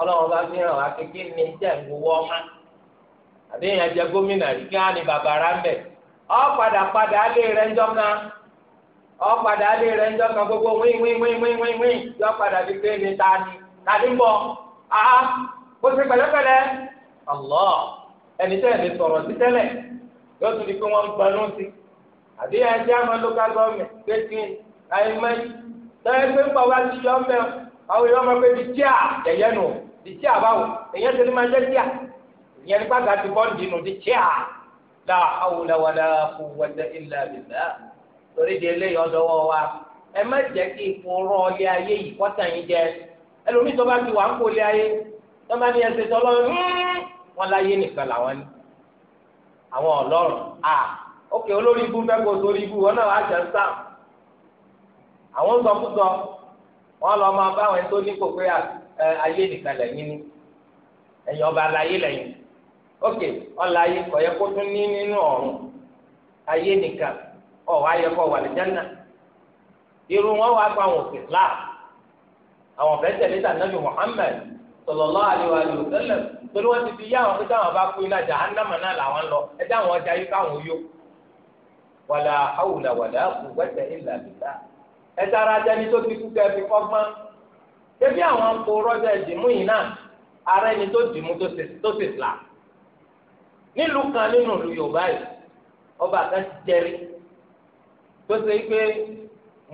ọlọ́run bá fi hàn akéké ní jẹ́ ìwọ ọmọ àbí èèyàn gómìnà rí kí á ọ padà padà lé rẹ ńjọ́ kan ọ padà lé rẹ ńjọ́ kan gbogbo wín wín wín wín wín wín yọ padà bí pé ní ta ni tàbí ń bọ̀ á pẹ̀lẹ́pẹ̀lẹ́ sọ̀rọ̀ sí tẹ́lẹ̀ yóò tún di pé wọ́n ń gbanú sí àwọn èèyàn máa pé di tíà yẹyẹ nù di tíà báwo èèyàn ti ní máa jẹ tíà ìyẹn nípa gà ti bọ́ nínú di tíà la hawla wala quwwata illa billah torí di eléyìí ọdọwọ wa ẹ má jẹ kí ipò rán ọlẹ ayé yìí kọta yín jẹ ẹlòmíì tó bá ti wà ń kó lé ayé tó bá ní ẹsẹ tó lọ wọn láyé nìkan làwọn ní àwọn ọlọ́run à ókè olórí ibú fẹ́ kó sórí ibú wọn náà wá jẹ sáà àwọn sọkúsọ. wọ́n lọ máa bá àwọn ẹni tó ní kò pé ah, ayé nìkan lẹ́yìn ni ẹ̀yin ọba aláyé lẹ́yìn ok ọláyé ọ̀yẹ kó tún ní nínú ọ̀run ayé nìkan wà lẹ́jẹ̀nà irú wọn wá pa àwọn òsì islam àwọn ọ̀fẹ́ tẹ̀lé tànàbí Muhammad sallallahu alaihi wa torí ti fi yá àwọn àwọn bá kú iná náà làwọn lọ àwọn ọjà yìí káwọn yó wàlà wàlà ẹ̀ta ara jẹni tó ti kú kẹ́ fi kọ́gbọ́n ṣébí àwọn akpọ̀ rọ́jà ìdìmú yìí náà ara ẹni tó dìmú tó sì fìlà nílùú kan nínú ìlú Yorùbá yìí ọba kan ti jẹrí tó ṣe pé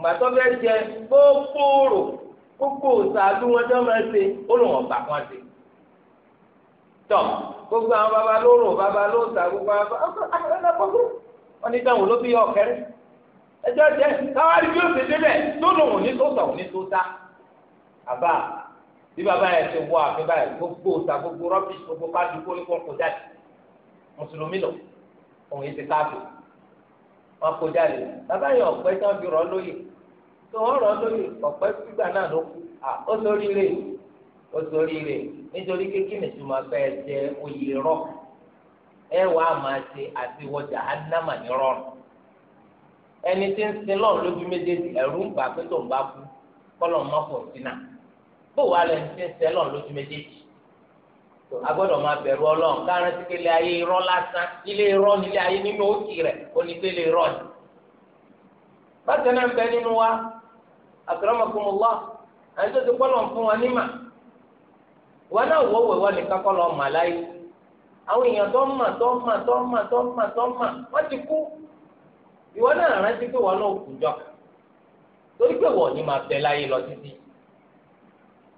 gbàtọ́ fẹ́ jẹ gbóòórò gbogbo òsàlù wọn tó máa ṣe ó lò wọn gbà wọn ṣe tọ gbogbo àwọn babalóró babalóòsà gbogbo àwọn babalóró wọn ní dáhùn ló bí ọkẹrẹ ẹjọ́ jẹ́ káwárí bí ó ti débẹ̀ tó lòun ò ní tó sà ò ní tó sá àbá bí bàbá yẹn ti wọ àfi báyìí gbogbo òòtà gbogbo rọ́bìsì gbogbo kájú kóríkó kó jáde mùsùlùmí lọ òun yìí ti káàbò wọn kó jáde bàbá yẹn ọ̀pẹ tí wọn fi rọ lóye tó wọn rọ lóye ọ̀pẹ sígbà náà ló kú à ó sórí rè ó sórí rè nítorí kékeré ìtumọ̀ fẹ́ jẹ oyè rọ ẹ wàá máa ṣe àtiwọ́ jahannama ní rọrùn. ẹni tí ń sin lọ́run lójú méjèèjì ẹ̀rú ń bà pé tó ń bá kú kọ́lọ̀ mọ́kọ̀ sínà bó wàá lẹni tí ń sin lọ́run lójú méjèèjì a máa bẹ̀rù ọlọ́run káàrin sí ilé ayé irọ́ lásán ilé irọ́ nílé ayé nínú òkì rẹ̀ onígbélé irọ́ ni. náà wa àti tó ti kọ́lọ̀ fún wa wọn náà wọ́ ìwọ náà rántí pé wọn náà kù jọ torí pé wọn ò ní máa bẹ láyé lọ títí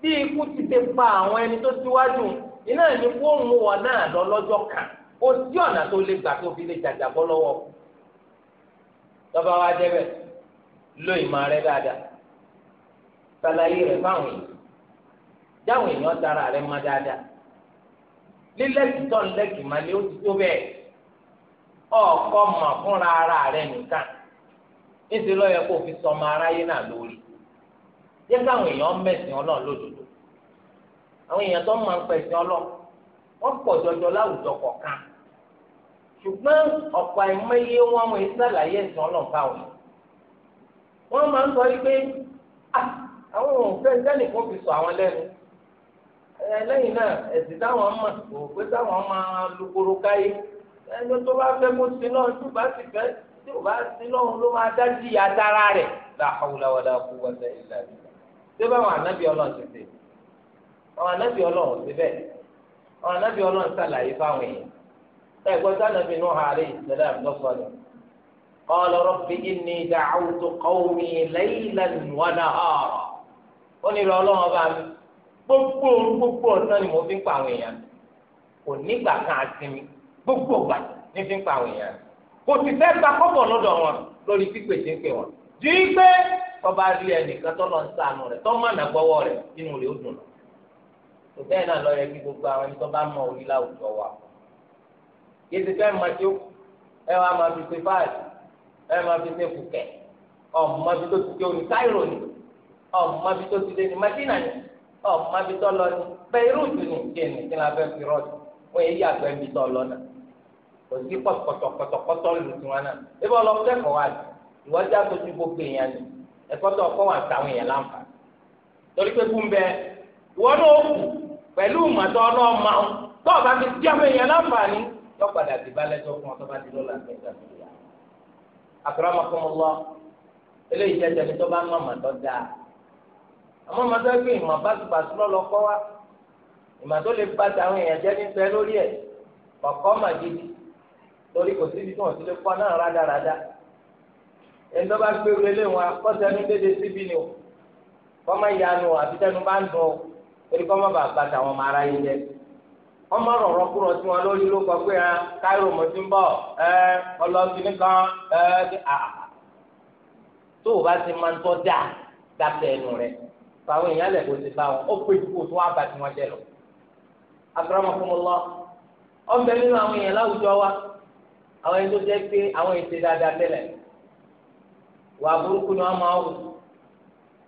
bí ikú ti ti pa àwọn ẹni tó síwájú iná ní kó mú wọn náà lọ lọ́jọ́ kan ó sí ọ̀nà tó lè gbà tó fi lè jàjà bọ́ lọ́wọ́ tọ́ba wa débẹ̀ lo ìmọ̀ rẹ dáadáa ṣàlàyé rẹ fáwọn èèyàn jáwọn èèyàn dára rẹ mọ́ dáadáa lílẹ́kìtọ́ lẹ́kìmọ́lé ó ti tó bẹ́ẹ̀. Ọkọ mọ̀ fúnra ara rẹ nìkan níṣẹ́ ló yẹ kó fi sọmọ aráyé náà lórí jẹ́ káwọn èèyàn mẹ̀sìn ọlọ́run lódodo àwọn èèyàn tó máa ń pẹ̀sìn ọlọ́run wọ́n pọ̀ jọjọ láwùjọ kọ̀ọ̀kan ṣùgbọ́n ọ̀pọ̀ àìmọye wọn wọn ìsàlàyé ẹ̀sìn ọlọ́run báwọn wọ́n máa ń sọ wípé ah, àwọn fi sọ àwọn náà táwọn táwọn máa lukoro káyé ẹni tó bá fẹ́ mo sin náà tó bá sì fẹ́ tí o bá sin náà ló máa dá sí àtàrà rẹ̀ la hawla wala quwwata illa billah ṣé báwọn anábì ọlọ́run ti ṣe àwọn anábì ọlọ́run ti bẹ́ẹ̀ àwọn anábì ọlọ́run ṣàlàyé fáwọn èèyàn ẹ gbọ́ sànàbì Nuh alayhi salam lọ́sọ̀rọ̀ qala rabbi inni da'awtu qawmi laylan wa nahara ó ní ìrọ̀ ọlọ́run ọba mi gbogbo gbogbo ọ̀sán ni mo fi ń pa àwọn èèyàn kò nígbà kan àti mi gbogbo gbà ní fi ń pa àwọn èèyàn kò sì fẹ́ gba kọ́bọ̀ lọ́dọ̀ wọn lórí pípé tí ń pè wọn ju pé tọ́ba rí ẹnìkan tọ́ lọ ń sànù rẹ̀ tọ́ mọ̀nà gbọ́wọ́ rẹ̀ nínú rẹ̀ ó dùn lọ. kò bẹ́ẹ̀ náà lọ yẹ kí gbogbo àwọn ẹni tó bá mọ orí láwùjọ wa. yéésì fẹ́ máa tó ẹ wá máa fi ṣe báàgì ẹ máa fi ṣe fùkẹ́ ọ̀mọ́ bí tó ti dé oní káírò ni ọ̀mọ́ bí tó ti dé ní madina ni ọ̀mọ́ bí tó lọ ní bẹ́ẹ̀rù kò sí pọ̀tọ̀pọ̀tọ̀pọ̀tọ̀ lù tiwọn náà ebi wọn lọ kẹ́kọ̀ọ́ wa ìwọ́jà tó ju gbogbo èèyàn ni ẹ̀kọ́ tó ọkọ́ wà táwọn èèyàn láǹfààní torí pé kún bẹ wọn náà kù pẹ̀lú màtọ́ náà máa ń tó ọba ti di àwọn èèyàn láǹfààní yọ padà sí balẹ̀jọ́ fún ọtọ́ bá di lọ́la nígbà tó yà àkàràmọ́kọ́mọ́lọ́ eléyìí jẹ́ jẹ́ni tó bá ń mọ̀ màtọ́ dáa àmọ́ màtọ́ pé ìmọ̀ bá ti bàtú lọ́lọ́ kọ́ wa ìmọ̀ tó lè bá táwọn èèyàn jẹ́ ní lórí ẹ̀ kọ̀ọ̀kọ́ màdìdì torí kò síbi tí wọ́n ti lè kọ́ náà rádaràda ẹni tó bá gbé wọlé lé wọn akọ́sẹ́ ẹni dédé síbi ni o kọ́mọ ìyanu àbítẹ́nu bá ń dùn o torí tàwọn ara jẹ ọmọ rọrọ kúrọ tí wọn lórí ló kọ pé ẹ káírò mo ti ń bọ ẹ nìkan ẹ ti à tó o bá ti máa ń tọ́ ẹnu rẹ fàwọn èèyàn kó ti bá wọn ó tó jẹ àwọn ẹni tó jẹ́ pé àwọn ètè dáadáa tẹ́lẹ̀ wà burúkú ni wọ́n máa wù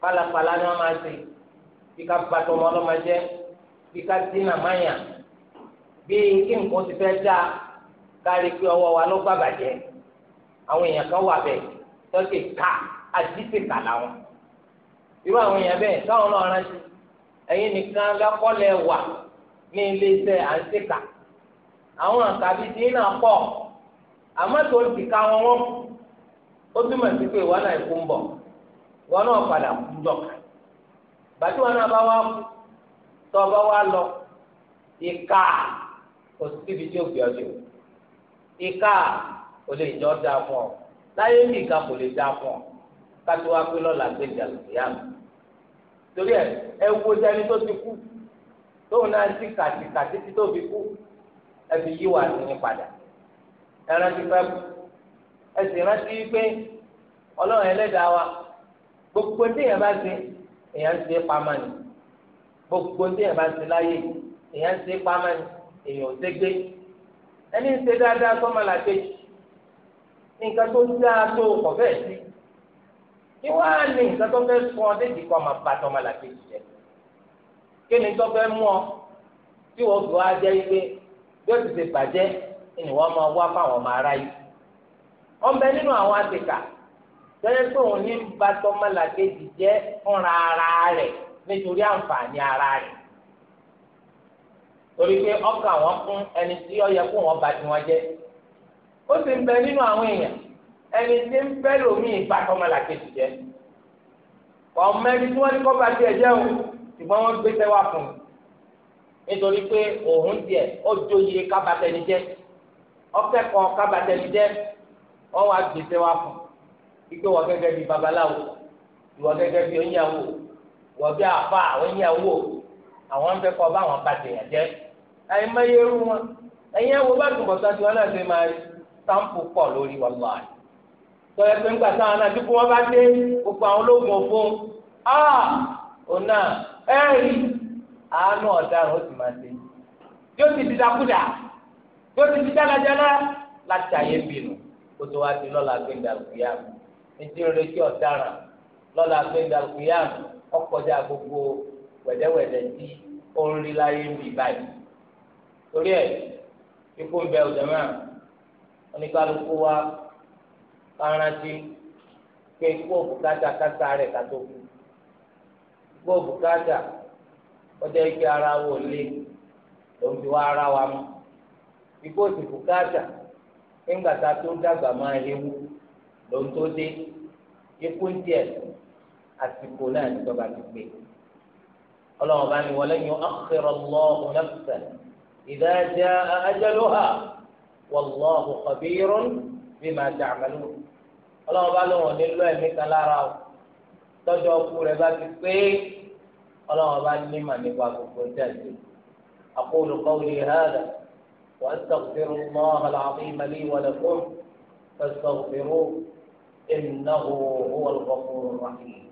pálapàla ni wọ́n máa ṣe bí ká bàtọ̀ ọmọ ọlọ́mọ jẹ́ bí ká dínà máyà bí kí nǹkan ti fẹ́ dáa kárí pé ọwọ́ wa ló gbà bàjẹ́ àwọn èèyàn kan wà bẹ́ẹ̀ tọ́kì ká àdìsí kà láwọn irú àwọn èèyàn bẹ́ẹ̀ táwọn náà rántí ẹ̀yin nìkan lákọ́lẹ̀ wà ní ilé àǹtíkà àwọn àǹkàbí dín náà àmọ́ tó ń ti ká wọn wọ́n ó túmọ̀ sí pé ìwà náà kú ń bọ̀ wọn náà padà kú dọ̀ka bàtí wọn náà bá wá tọ́ ọ bá wá lọ ìka kò síbi tí ó fi ọjọ́ ìka kò lè jọ dáa fún ọ láyé ní ìka kò lè dáa fún ọ kátó wá pé lọ́la gbé jàlùkìyà mi torí ẹ ẹ wo jẹni tó ti kú tóun náà ti kàtìkàtì tí tó fi kú ẹ fi yíwà sí ní padà ẹrántí pẹ́ẹ́pù ẹsìn rántí pé ọlọ́run ẹlẹ́dàá wa gbogbo téèyàn bá ṣe èèyàn ṣe pamọ́ ni gbogbo téèyàn bá ṣe láyé èèyàn ṣe pamọ́ ni èèyàn ò ṣègbè ẹni ń ṣe dáadáa sọ́mọlàkejì nǹkan tó dáa tó kọ̀fẹ́ sí kí wọ́n á ní nǹkan tó fẹ́ fún ọ déjì kọ́ máa bá sọ́mọlàkejì jẹ kí ni tó fẹ́ mú ọ tí wọ́n fi wá jẹ́ ike bí ó ti ṣe bàjẹ́ ni wọ́n máa wá fáwọn ọmọ ara yìí wọ́n bẹ nínú àwọn àtìkà tẹ́lẹ̀ tó òun ní batọ́mọlàkejì jẹ́ fúnra ara rẹ̀ nítorí ara rẹ̀ torí pé ọkàn wọn fún ẹni tí ọ yẹ kó wọn bá tiwọn jẹ. ó sì bẹ nínú àwọn èèyàn ẹni tí ń bẹ́ jẹ́ ọmọ ẹni tí wọ́n ní tiẹ̀ jẹ́ o ṣùgbọ́n wọ́n gbé tẹ́wà fún un nítorí pé òun tiẹ̀ ó kábàtẹ́ni ọfẹ kọ kábàtẹni jẹ ọwọ agbèsè wa fún igbe wọ gẹ́gẹ́ bíi babaláwo ìwọ gẹ́gẹ́ bíi oníyàwó wọ bíi àfa àwọn oníyàwó kọ bá bàtẹ jẹ ẹyìn mẹyẹ eru wọn ẹyìn ẹwọ bá dùn bọtọ tí wọn náà ṣe máa sáǹpù lórí wọn lọ àyè pé ńgbà táwọn náà wọn bá a ọ̀nà ẹ̀rí àánú ọ̀daràn ó sì bó ti di jálajálá láti àyè bínú kó tó wá sí lọ́la gbẹ̀ngà kúyàm ọ̀daràn lọ́la gbogbo wẹ̀dẹ́wẹ̀dẹ́ tí ó ń rí láyé ń bì báyìí torí ẹ̀ ikú ń bẹ ọ̀dẹ̀mọ́ oníkálukú wa kárántí pé ikú òbúkátà rẹ̀ kátó kú ikú òbúkátà ọjọ́ ike ara wò lé ti wá ara wa ikú òsì bùkátà nígbà tá a tó dàgbà máa léwu ló ń tó dé ikú díẹ̀ àsìkò náà níjọba ti gbé ọlọ́run bá ní wọlé yín ọ̀kẹ́rọ̀ lọ́ọ̀hún nafsan idha jaa ajaluha wallahu khabirun bima ta'malun ọlọ́run bá lóun ò ẹ̀mí kan lára o tọ́jú ọkú rẹ̀ bá ti pé ọlọ́run bá ní mà nípa gbogbo tẹ̀sí aqulu qawli hadha. وأستغفر الله العظيم لي ولكم فاستغفروه إنه هو الغفور الرحيم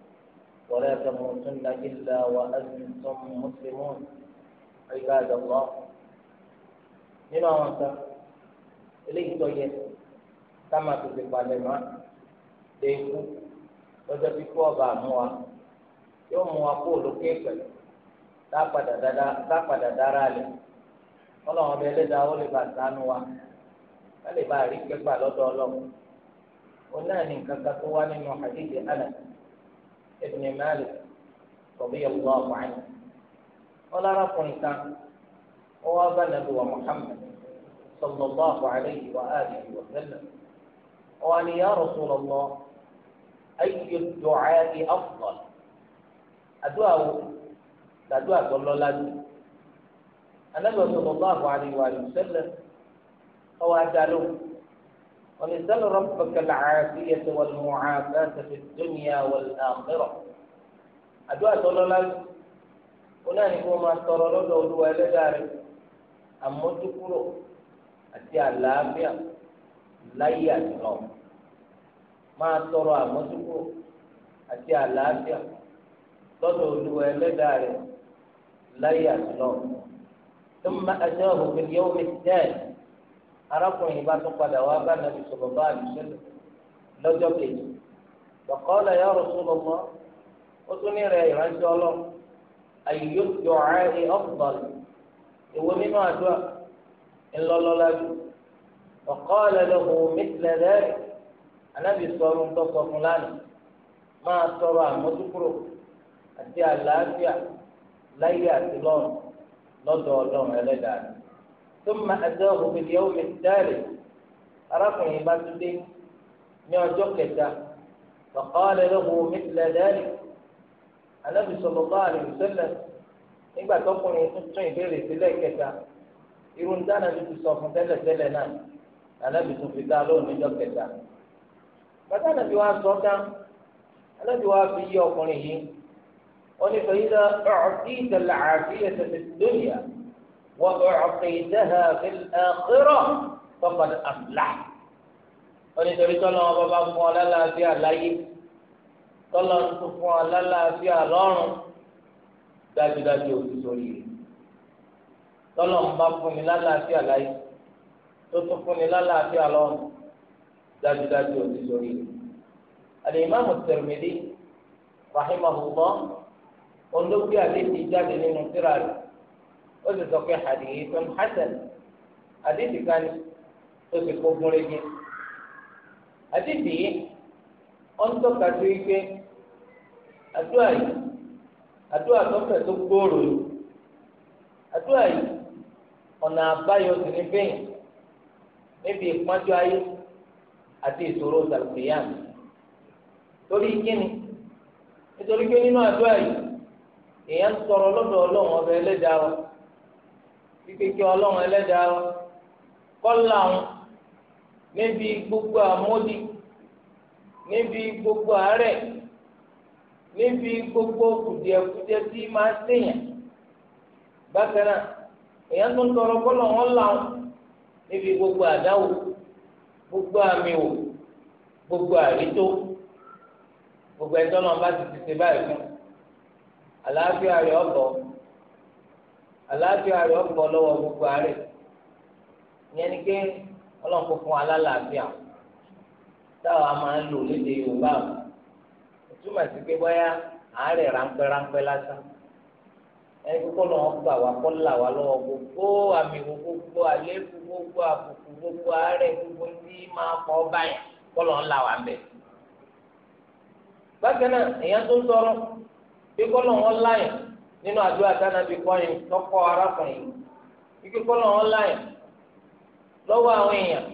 ولا تموتن إلا وأنتم مسلمون عباد الله nínú àwọn nǹkan eléyìí tó yẹ ká máa tètè palẹ̀ mọ́ lè kú lọ́jọ́ tí kú ọba mú wa yóò mú wa kó olókè pẹ̀lú lápadà dára lẹ̀ ọlọ́run ọba ẹlẹ́dàá ó lè bá sánú wa ká lè bá rí kẹ́gbà lọ́dọ̀ ọlọ́run ó náà ní nǹkan kan tó wá nínú àdéhìí àlàyé. ابن مالك رضي الله عنه ولا رقم كان هو بلد محمد صلى الله عليه وآله وسلم قال يا رسول الله أي الدعاء أفضل الدعاء الدعاء صلى الله عليه النبي صلى الله عليه وآله وسلم هو أدعاء ونسأل ربك العافية والمعافاة في الدنيا والآخرة أدعى تولى هناك ما ترى لدى ولوى لداري أموت كرو àti àlàáfíà láyé àtìlọ máa tọrọ àmójúkò àti àlàáfíà lọ́dọ̀ olúwa ẹlẹ́dàá rẹ̀ láyé àtìlọ tó máa ẹjọ́ òfin yóò fi dẹ́ẹ̀. arákùnrin bá tún padà wá bá nàbì sọ̀rọ̀ bá àdìsẹ́lẹ̀ lọ́jọ́ kejì lọ́kọ́lá yà rọ̀ sọ́lọ́ ó tún ní rẹ̀ ìrántí ọlọ́ àyùyó dọ̀ọ́rẹ́ ẹ ọ̀pọ̀lù ìwọ nínú àdúrà ńlọ́lọ́lájú lọ́kọ́lá lọ́hùn mítìlẹ̀ anábì sọ̀rọ̀ ńtọ́sọ̀ lánàá máa sọ̀rọ̀ àmójúkúrò àti àlàáfíà láyé àti lọ́run lọ́dọ̀ ọlọ́run ẹlẹ́dàá ثم أتاه في اليوم الثالث أرقني باتدي نعجوكتا فقال له مثل ذلك النبي صلى الله عليه وسلم nígbà tọkùnrin tuntun ìbéèrè sílẹ̀ kẹta irú ń dáná ju ti sọ fún tẹ́lẹ̀tẹ́lẹ̀ náà ànábì tún fi dá lóhùn níjọ́ kẹta bàtà ànábì wa sọ dá ànábì wa fi yí ọkùnrin yìí ó ní fẹ́ lọ ọ̀ọ́dí ìtẹ̀lẹ̀ àfihàn tẹ̀lẹ̀ lónìí وأعطيتها في الآخرة فقد أفلحت onítorí tọ́lọ́ wọn bá fún ọ lálàáfíà láyé tọ́lọ́ ń tún fún ọ lálàáfíà lọ́rùn dájúdájú òfin sórí rẹ̀ tọ́lọ́ ń bá fún mi lálàáfíà láyé tó tún fún mi lálàáfíà lọ́rùn dájúdájú òfin sórí rẹ̀. alimami Tirmidhi rahimahullah olóògbé àlejò jáde nínú tírà rẹ̀ ó lè sọ pé hadithun hasan àdìsí kan tó ti kó gúnrégé àdìsí ó ń tọ́ka sí wípé àdúrà yìí àdúrà tó fẹ̀ tó gbòòrò yìí àdúrà yìí ọ̀nà àbáyọ sì ní bẹ́yìn níbi ìpọ́njọ ayé àti ìṣòro sàlùkìyàn torí kíni nítorí pé nínú àdúrà yìí èèyàn ń sọ̀rọ̀ lọ́dọ̀ ọlọ́run ọba ẹlẹ́dàá wa. kíkékè ọlọ́run ẹlẹ́dàá kọ́lá wọn níbi gbogbo amodi. níbi gbogbo àárẹ̀ níbi gbogbo kùdìẹ̀kudiẹ tí máa ṣèyàn bákan náà èèyàn tó ń tọrọ wọn níbi gbogbo àdáwò gbogbo àmì gbogbo àrító gbogbo ẹjọ́ náà bá ti ti báyìí fún àlàáfíà rẹ̀ àlàáfíà rẹ̀ ọ̀pọ̀ lọ́wọ́ gbogbo àárẹ̀ ìyẹn ni pé ọlọ́run kò fún alálàáfíà táwa máa ń lò lédè yorùbá o túmọ̀ sí pé bóyá àárẹ̀ ráńpẹ́ ráńpẹ́ lásán ẹni kókó lọ́wọ́ gbà wá kọ́ là wá lọ́wọ́ gbogbo àmì gbogbo àléébù gbogbo àbùkù gbogbo àárẹ̀ gbogbo tí máa kọ́ báyìí kọ́ lọ́wọ́ là wá bẹ̀. bákan náà èèyàn tó ń tọrọ pé kọ́ lọ́wọ́ láyìn nínú àdúrà tánàbí kọyìn tọkọ arákùnrin ike kọlọ wọn láyìn lọ́wọ́ àwọn èèyàn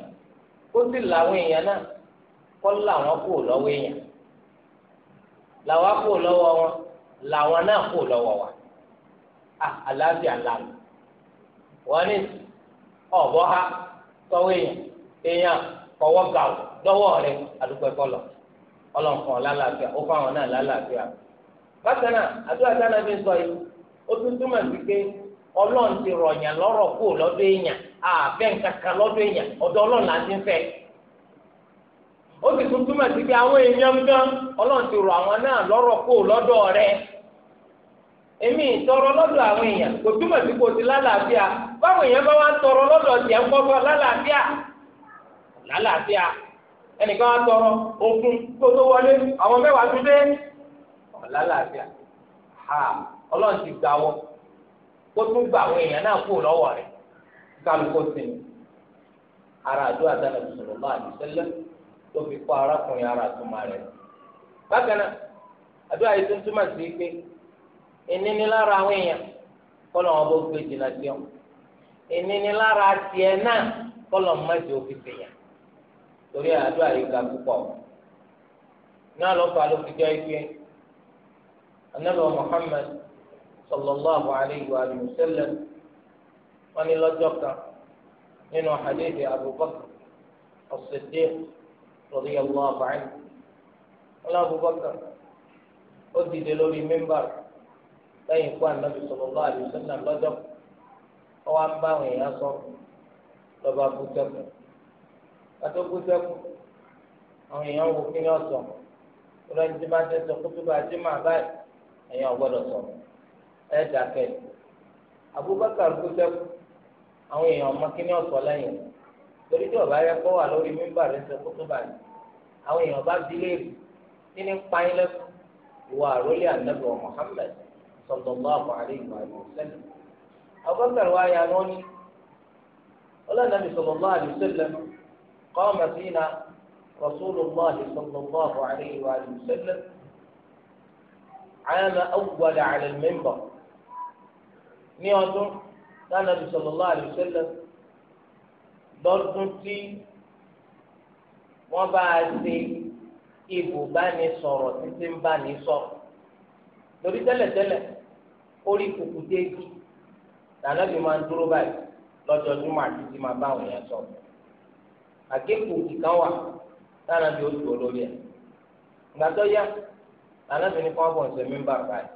kó sì làwọn èèyàn náà kọ làwọn kò lọ́wọ́ èèyàn làwọn kò lọ́wọ́ wọn làwọn náà kò lọ́wọ́ wa à ah, àlàáfíà làwọn wọn ní ọbọ ha tọwọ́ èèyàn èèyàn kọwọ gàù lọ́wọ́ rẹ̀ àdúgbò ẹkọ lọ Ọlọ́run kan lálàáfíà ó fáwọn náà lálàáfíà. bákan náà àdúrà táwọn ẹbí ń sọ yìí ó tún túmọ̀ sí pé ọlọ́run ti rọ̀yàn lọ́rọ̀ kó lọ́dọ̀ èèyàn àfẹ́ nǹkankan lọ́dọ̀ èèyàn ọ̀dọ̀ ọlọ́run láti fẹ́ ó sì tún túmọ̀ sí pé àwọn èèyàn ọlọ́run ti rọ̀ àwọn náà lọ́rọ̀ kó lọ́dọ̀ rẹ̀ èmi ìtọrọ lọ́dọ̀ àwọn èèyàn kò túmọ̀ sí kò sí lálàáfíà báwọn èèyàn tọrọ tiẹ̀ ń kọ́kọ́ lálàáfíà lálàáfíà ala làbíà ha ọlọ́run ti gbà wọ́ kó tún gba àwọn èèyàn náà kú lọ́wọ́ rẹ̀ kálukó sinmi ara àdúrà dáná bùsùlùmọ́ bá àdìsẹ́lẹ̀ tó fi kọ́ arákùnrin ara àtúmọ̀ rẹ̀ bákan náà àdúrà yìí tún túmọ̀ sí pé ìnínilára àwọn èèyàn kọ́lọ̀ wọn bó gbé jìnnà sí wọn tiẹ̀ náà kọ́lọ̀ ó fi torí àdúrà yìí ga púpọ̀ náà lọ́ọ́ fà ló fi jẹ́ النبي محمد صلى الله عليه وآله وسلم وأن لا جبت من حديث أبو بكر الصديق رضي الله عنه قال أبو بكر أدي لوري منبر lẹ́yìn ikú anabi sọlọ́lá àdìsọ́nà lọ́jọ́ ọwọ́ ń bá àwọn èèyàn sọ lọ́ba ẹ̀yin ọ̀gbọ́dọ̀ sọ̀rọ̀ ẹ̀ dàkẹ́ Abubakar kú sẹ́kù àwọn èèyàn ọmọ kíní ọ̀sọ̀ lẹ́yìn torí tí ọ̀bá yẹ kọ́ wà lórí mímbà rẹ̀ ṣe kó tó báyìí àwọn èèyàn bá bí léèrè kí ni pààyàn lẹ́kù ìwà àròlé ànábọ̀ Muhammad sallallahu alaihi wa sallam Abubakar wa ya lọ́ni ọlọ́nàbì sallallahu alaihi wa sallam qama fina rasulullah sallallahu alaihi wa sallam. àyàmà awùwàdà àlẹ mẹ́mbà ní ọdún tánàbí sallallahu alaihi wasallam lọ́dún tí wọ́n bá a ṣe ìbùbánisọ̀rọ̀ títí ń bá ní sọ̀rọ̀ torí tẹ́lẹ̀tẹ́lẹ̀ orí kùkùté bí máa ń dúró báyìí lọ́jọ́júmọ́ àti tí máa bá àwọn èèyàn sọ̀rọ̀ àkékù kìkan wà ó lórí ẹ̀ gbàtọ́ yá. anabi ní kọ́ bọ̀ ń ṣe mímbà báyìí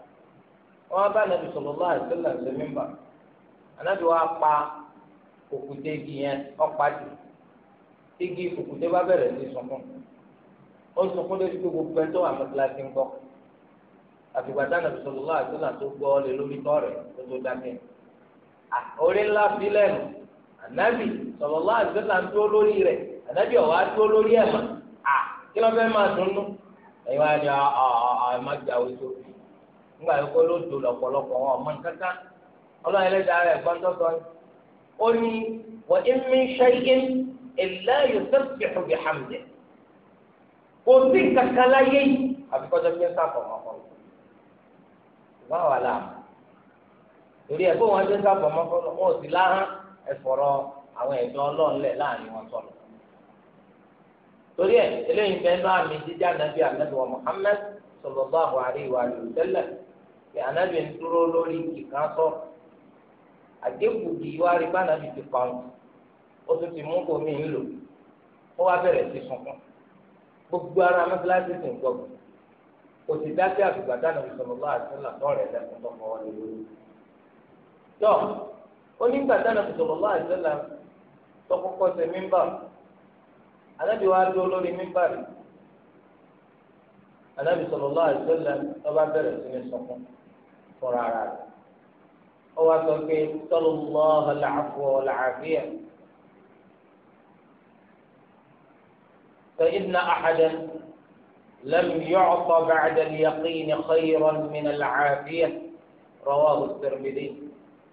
wọ́n bá anabi sallallahu alaihi wasallam ṣe mímbà anabi wa pa òkúté igi yẹn ọ̀pá jù igi òkúté bá bẹ̀rẹ̀ sí sunkún ó sunkún lórí pé gbogbo ẹ̀ tó wà mọ́tíláṣí ń gbọ́ àfìgbà tí anabi sallallahu alaihi wasallam tó gbọ́ lé lórí tọ́rẹ̀ tó tó dákẹ́ orí ńlá fi lẹ́nu anabi sallallahu alaihi tó lórí rẹ̀ anabi ọ̀wá tó lórí ẹ̀ à kí ló fẹ́ máa dunnú ẹ̀yin wáyé ọ ọ ẹ má gbé àwọn ètò nígbà yìí kó ló do lọ́pọ̀lọpọ̀ wọn ọmọ nǹkankan ọlọ́run ẹlẹ́dàá rẹ̀ gbọ́n yìí ó ní wa in min shay'in illa yusabbihu bihamdihi kò sí kankan láyé yìí àfi kọ́jọ́ ń sáfọ̀ mọ́kọ́ wọ́n wà láàmú torí ẹ̀ ń sáfọ̀ mọ́kọ́ ò torí ẹ eléyìí bẹ́ẹ̀ náà mi jíjá nàbí anabi wa muhammed sallallahu alaihi wa sallam anabi ń dúró lórí kìkan sọ̀rọ̀ àdéhùgì wa rí bánabi ti pa ọ́n ó tún ti mú kó mi ń lò ó wá bẹ̀rẹ̀ sí gbogbo ara mọ́tíláṣí ti ń gbọ́ kò sì dákẹ́ àgbègbè lórí. tó anábì wa dúró lórí mímbàrí anábì sallallahu alaihi wasallam ọba bẹ̀rẹ̀ sí ní sọkún fúnra rà rẹ̀ ó wá sọ pé sallallahu al-'afwa wal-'afiya فإن أحدا لم يعط بعد اليقين خيرا من العافية رواه الترمذي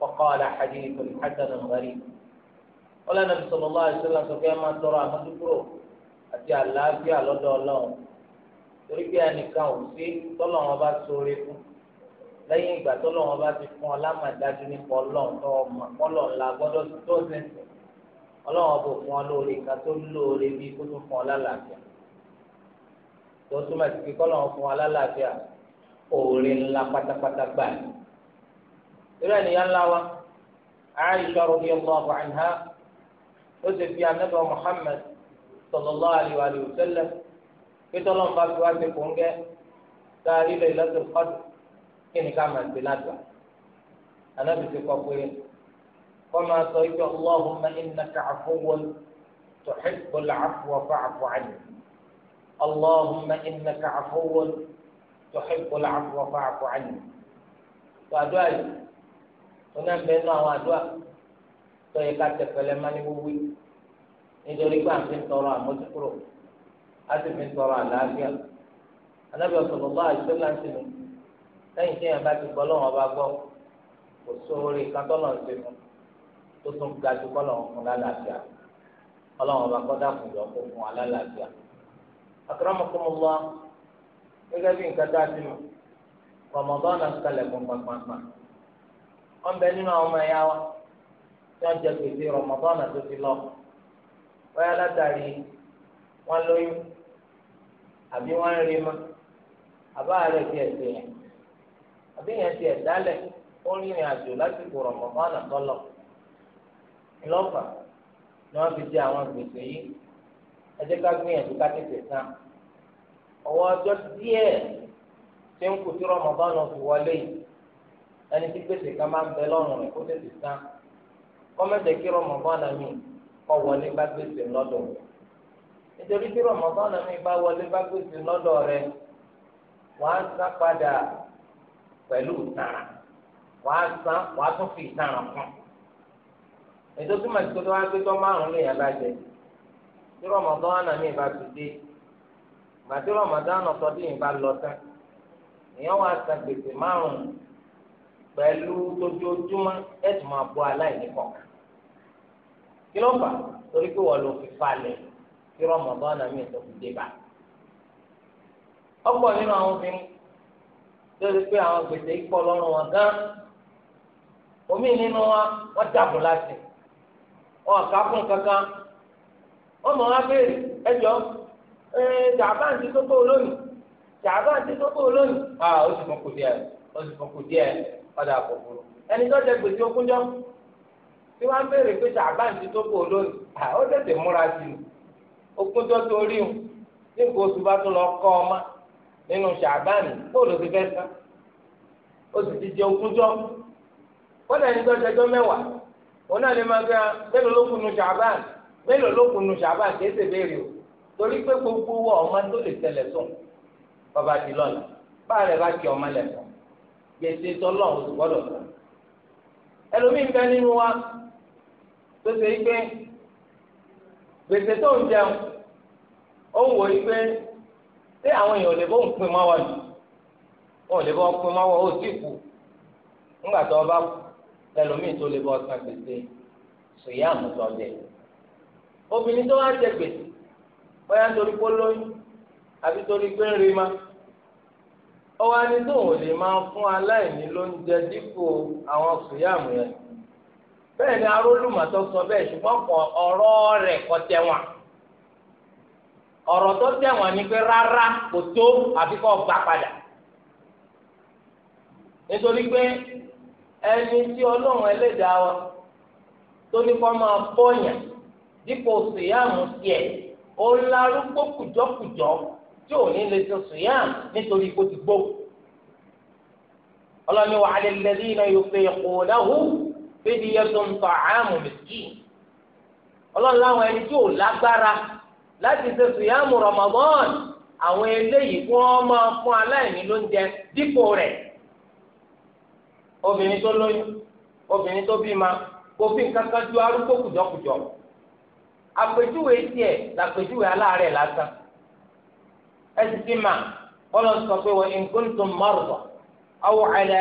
وقال حديث حسن غريب ولا النبي صلى الله عليه وسلم سكيما ترى ما تقول àti àlàáfíà lọ́dọ̀ ọlọ́run torí pé ẹnìkan ò sí tọ́lọ́wọ́n bá sóore fún lẹ́yìn ìgbà tọ́lọ́wọ́n bá ti fún ọ lámàdájú nípa ọlọ́run tó ọmọ ọlọ́ ńlá gbọ́dọ̀ tó sẹ́sẹ̀ ọlọ́run bò fún ọ lóore kan tó lóore bí kó tó fún ọ lálàáfíà tó túmọ̀ sí pé kọ́lọ́run fún ọ lálàáfíà òòrè ńlá pátápátá gbà ní. irú ènìyàn ńlá wa Aisha radiyallahu anha ó ti fi Muhammad sallallahu alaihi wa sallam pété ọlọ́run bá fi wá sí kóńgẹ́ sáárì lè lọ́sọ̀ kọ́dù kí ni ká máa gbé ládùá anábì ti kọ́ pé kọ́ máa sọ ike allahumma innaka afuwwun tuhibbul afwa fa'fu anni allahumma innaka afuwwun tuhibbul afwa fa'fu anni tó àdúrà yìí wọn náà bẹ́ẹ̀ nú àwọn àdúrà tó yẹ ká tẹ̀pẹ̀lẹ́ máa ní wíwí nítorí pé àti ń tọrọ àmójúkúrò àti fi ń tọrọ àlàáfíà anábì ọ̀sọ̀lọ́gbọ́ àìsí láti nù lẹ́yìn tí èèyàn bá ti gbọ́ lọ́wọ́ bá gbọ́ kò sóore kátọ́lọ̀ ń ṣe fún tó tún ga ju kọ́lọ̀ fún lálàáfíà kọ́lọ̀ bá kọ́ dàkùn jọ kó fún alálàáfíà. akramakumullah gẹ́gẹ́ bí nǹkan tá a ti mọ̀ Ramadan náà kalẹ̀ fún pàpàpà wọ́n bẹ nínú àwọn ọmọ ẹ̀yà wa tí wọ́n jẹ bóyá látàrí wọn lóyún àbí wọn rí mọ àbá rẹ ti ẹsẹ yẹn àbí yẹn ti ẹdálẹ ó rìnrìn àjò lásìkò rọmọmọnà tọlọ ńlọfà ni wọn fi jẹ àwọn gbèsè yìí ẹ ká gbìyànjú ká tètè san ọwọ́ ọjọ́ díẹ̀ tí ń kú tí rọmọmọnà fi wọlé yìí ẹni tí gbèsè máa ń bẹ kó mi. kọ́ wọlé bá gbèsè lọ́dọ̀ nítorí tí rọmọdán mi bá wọlé bá gbèsè lọ́dọ̀ rẹ wàá sá padà pẹ̀lú tààrà wàá sá wàá tún fi tààrà kún ètò tí màá tó tó wá pé tó márùn lè yàrá jẹ tí rọmọdán mi bá ti dé gbàtí rọmọdán tọdún yìí bá lọ tán èèyàn wàá san gbèsè márùn pẹ̀lú tójoojúmọ́ ẹ̀ tún máa kí ló fà torí pé wọ́n ló fi falẹ̀ kí rọmọbọ́nà mi tó fi dé bá. ọ̀pọ̀ nínú àwọn obìnrin lórí pé àwọn gbèsè ikọ̀ lọ́rùn wọn gán omi nínú wa wọ́n dàbò láti wọn kà fún kankan wọ́n mọ̀ wá béèrè ẹjọ́ jàbá àti tókó olóyìn jàbá àti tókó olóyìn a ah, ó sì fún kù díẹ̀ ó sì fún kù díẹ̀ padà kò ẹni tó jẹ gbèsè ogúnjọ́ tí wọ́n béèrè pé ṣàbáǹ ti tó kó lónìí ó tètè múra sí i okun tó torí o ní nǹkan oṣù bá tún lọ kọ́ ọmọ nínú ṣàbáǹ bóòlù ti fẹ́ sá ó sì ti jẹ okun jọ wọ́n náà ní tọ́jọ́jọ́ mẹ́wàá òun náà lè máa gbé mélòó ló kunu ṣàbáǹ mélòó ló kunu ṣàbáǹ kìí ṣe béèrè o torí pé gbogbo wa ọmọ tó lè tẹ̀lẹ̀ sùn bàbá ti lọ́la báà rẹ̀ bá kí ọmọ lẹ̀ sùn gbèsè tọ́lọ́ òṣùwọ́dọ̀ sùn ẹlòmíín bẹ nínú wa tó ṣe pé gbèsè tó ń jẹun ó ń wò yí pé ṣé àwọn èèyàn lè bó ń pin mọ́wọ́ ni wọn ò lè bọ́ pin mọ́wọ́ ó sì kù ńgbà tó o bá kù ẹlòmíì tó lè bọ́ san gbèsè sòyàmù tó jẹ obìnrin tó wá jẹ gbèsè bóyá nítorí pé lóyún àbí torí pé ń rí ma ọwọ́ anidóhùn lè máa fún aláìní lóúnjẹ dípò àwọn sòyàmù yẹn bẹ́ẹ̀ ni arólùmọ̀tò sọ bẹ́ẹ̀ ṣùgbọ́n kọ ọ̀rọ̀ rẹ̀ kọ tẹ̀wọ̀n ọ̀rọ̀ tó tẹ̀wọ̀n ni pé rárá kò tó àbí kọ́ gbà padà nítorí pé ẹni tí ọlọ́run ẹlẹ́dàá wa tó ní kọ́ máa bọ́yàn dípò sùyàmù tiẹ̀ ó lárúgbó kùjọ́kùjọ́ tí ò ní lè sọ sùyàmù nítorí kó ti gbó ọlọ́ni wàhálẹ́ lẹ́yìn náà yóò fẹ́ kó náà hù. bẹ́ẹ̀ni yẹ tó ń tọ̀ àmù mẹ́sìkì ọlọ́run láwọn ẹni tí ò lágbára láti ṣe sùyàmù Ramadan àwọn eléyìí kí wọ́n máa fún aláìní lóúnjẹ dípò rẹ̀ obìnrin tó lóyún obìnrin tó bímọ kò fi nǹkan kan ju arúgbó kùjọkùjọ àpèjúwe tiẹ̀ làpèjúwe aláàárẹ̀ lásán ẹ ti ti mà bọ́lá pé wa in kuntum marda aw ala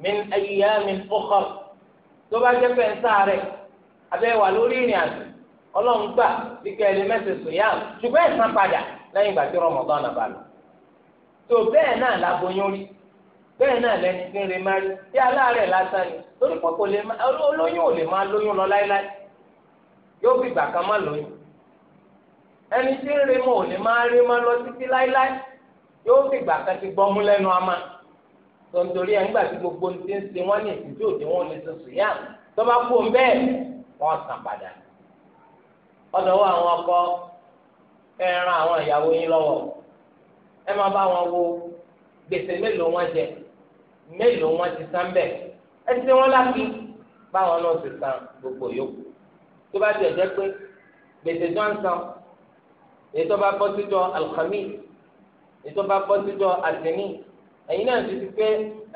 min ayyamin ukhar tó bá jẹ́ pé ń sáré abẹ́ wà lórí ìrìn àjò ọlọ́run gbà bíkẹ́ ẹni mẹ́sẹ̀ sòyàm ṣùgbọ́n ẹ̀sán padà lẹ́yìn ìgbà tí Ramadan bá lọ. tó bẹ́ẹ̀ náà laboyún rí bẹ́ẹ̀ náà lẹni tí ń re má rí bí aláàárẹ̀ lásán ni torí pé kò lè má olóyún ò lè má lóyún lọ láéláé yóò fi ìgbà kan má lóyún. ẹni tí ń re mọ́ ò lè má rí má lọ títí láéláé yóò fi ìgbà kan ti gbọ́mú lẹ́nu àmà tontori ẹ̀ ńgbà tí gbogbo ní ti ń ṣe wọ́n ní ìtìjú òde wọn ní tuntun yá tọ́ba kú òun bẹ́ẹ̀ wọ́n sàn padà ọ̀dọ̀wọ́ àwọn ọkọ ẹ ran àwọn ìyàwó yín lọ́wọ́ ẹ máa bá wọn wo gbèsè mélòó wọn jẹ mélòó wọn ti san bẹ́ẹ̀ ẹ ti wọn láti báwọn náà ti san gbogbo yòókù tó bá tiẹ̀ jẹ́ pé gbèsè tó ń san èyí bá bọ́ síjọ alùpàmì èyí bá bọ́ síjọ àtẹ̀mí ẹ̀yin náà ti ti pé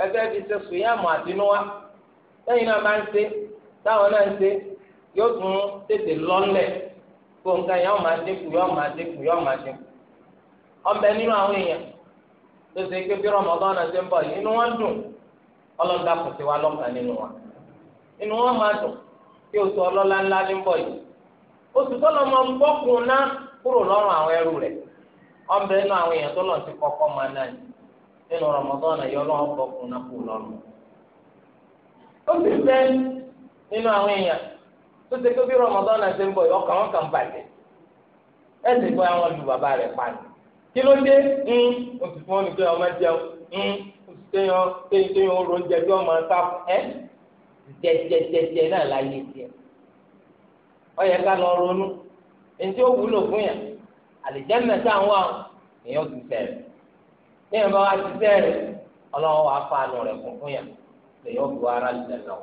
ẹgbẹ́ ti ṣe sùyàmù àtinúwá lẹ́yìn náà máa ń ṣe táwọn náà ń ṣe yóò tún tètè lọ́lẹ̀ kó nǹkan yẹn ọ̀ma dínkù yóò máa dínkù yóò máa dínkù ọbẹ̀ nínú àwọn èèyàn tó ṣe pé bí rọmọdọ́nà ṣe ń bọ̀ yìí inú wọn dùn ọlọ́dà kò sí wa lọ́kàn nínú wa inú wọn máa dùn kí oṣù ọlọ́lá ńlá ní bọ̀ yìí oṣù tó lọ mọ gbọ́kùn ná kúrò lọ́rùn àwọn ẹrú rẹ̀ ọbẹ̀ nínú àwọn èèyàn tó lọ sí kọ́kọ́ máa náà ni nínú Ramadan yọ lọ́wọ́ bọ̀kùn náà kù lọ́rùn. ó sì fẹ́ nínú àwọn èèyàn tó ṣe pé bí Ramadan ṣe ń bọ̀ ọkàn wọn kàn bàjẹ́ ẹ sì gbọ́ àwọn lu bàbá rẹ̀ pa kí ló dé ń oṣù tí wọ́n ọmọ jẹun ń oṣù téèyàn téèyàn oró oúnjẹ tí wọ́n máa ń ẹ́ jẹjẹjẹjẹ náà láyé tiẹ̀. ó ká lọ ronú ẹni tí ó wúlò fún ní ìbá wa ti bẹ́ẹ̀rẹ̀ ọlọ́wọ́ wa fa àánú rẹ̀ kún fún yà lèyìn ó bu ara lẹ̀ lọ.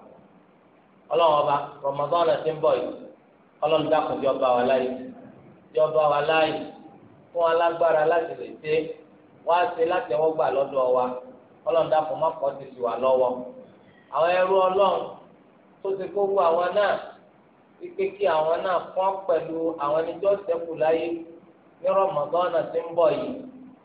ọlọ́wọ́ ba Ramadan ti ń bọ̀ yìí ọlọ́run dákun bí ọba wa bí ọba wa fún alágbára láti lè wá wa ọlọ́run dákun má ti sì wà lọ́wọ́ àwọn ẹrú ọlọ́run tó ti kó àwọn náà wípé kí àwọn náà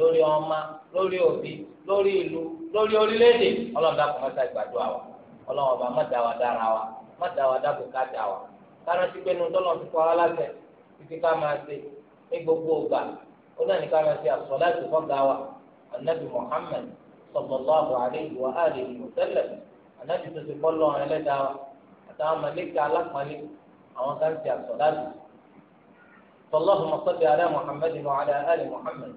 lórí ọmọ lórí òbí lórí ìlú lórí orílẹ̀-èdè ọlọ́run dàpọ̀ mọ́ta ìgbàdo àwa ọlọ́run ọba mọ́ta wa dára wa mọ́ta wa dàpọ̀ káàtà wa kára ti pé nu tọ́lọ̀ ti kọ́ aláṣẹ títí ká máa ṣe ní gbogbo ọgbà ó náà ní ká máa ṣe àsọ̀láṣẹ fọ́gà wa anabi muhammed sallallahu alayhi wa alihi wa sallam anabi tó ti kọ́ lọ́rùn ẹlẹ́dàá wa àtàwọn mọ̀lẹ́kà alápọ̀nlé àwọn kan ti àsọ̀láṣẹ sọlọ́hùn mọ̀sọ́dẹ̀ alẹ́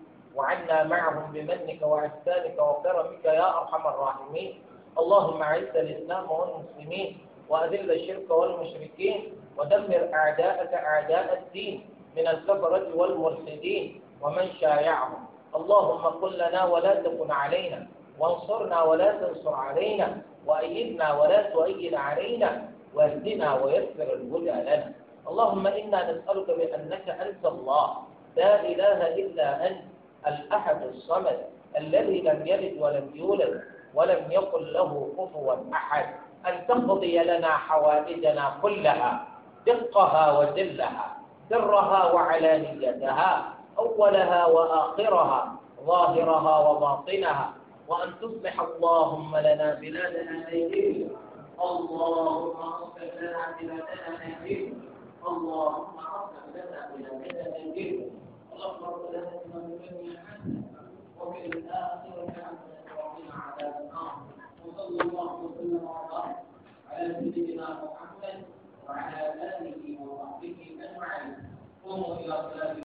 وعنا معهم بمنك وإحسانك وكرمك يا أرحم الراحمين اللهم أعز الإسلام والمسلمين وأذل الشرك والمشركين ودمر أعداءك أعداء الدين من الكفرة والملحدين ومن شايعهم اللهم قل لنا ولا تكن علينا وانصرنا ولا تنصر علينا وأيدنا ولا تؤيد علينا واهدنا ويسر الهدى لنا اللهم إنا نسألك بأنك أنت الله لا إله إلا أنت الأحد الصمد الذي لم يلد ولم يولد ولم يقل له كفوا أحد أن تقضي لنا حوائجنا كلها دقها وجلها سرها وعلانيتها أولها وآخرها ظاهرها وباطنها وأن تصبح اللهم لنا بلادنا نيجيريا اللهم اغفر لنا بلادنا نيجيريا اللهم اغفر لنا بلادنا نيجيريا يتطهر لهم من غني عنه وفي الآخرة حسنة وقنا عذاب النار وصلى الله وسلم وبارك على سيدنا محمد وعلى آله وصحبه أجمعين قوموا إلى صلاة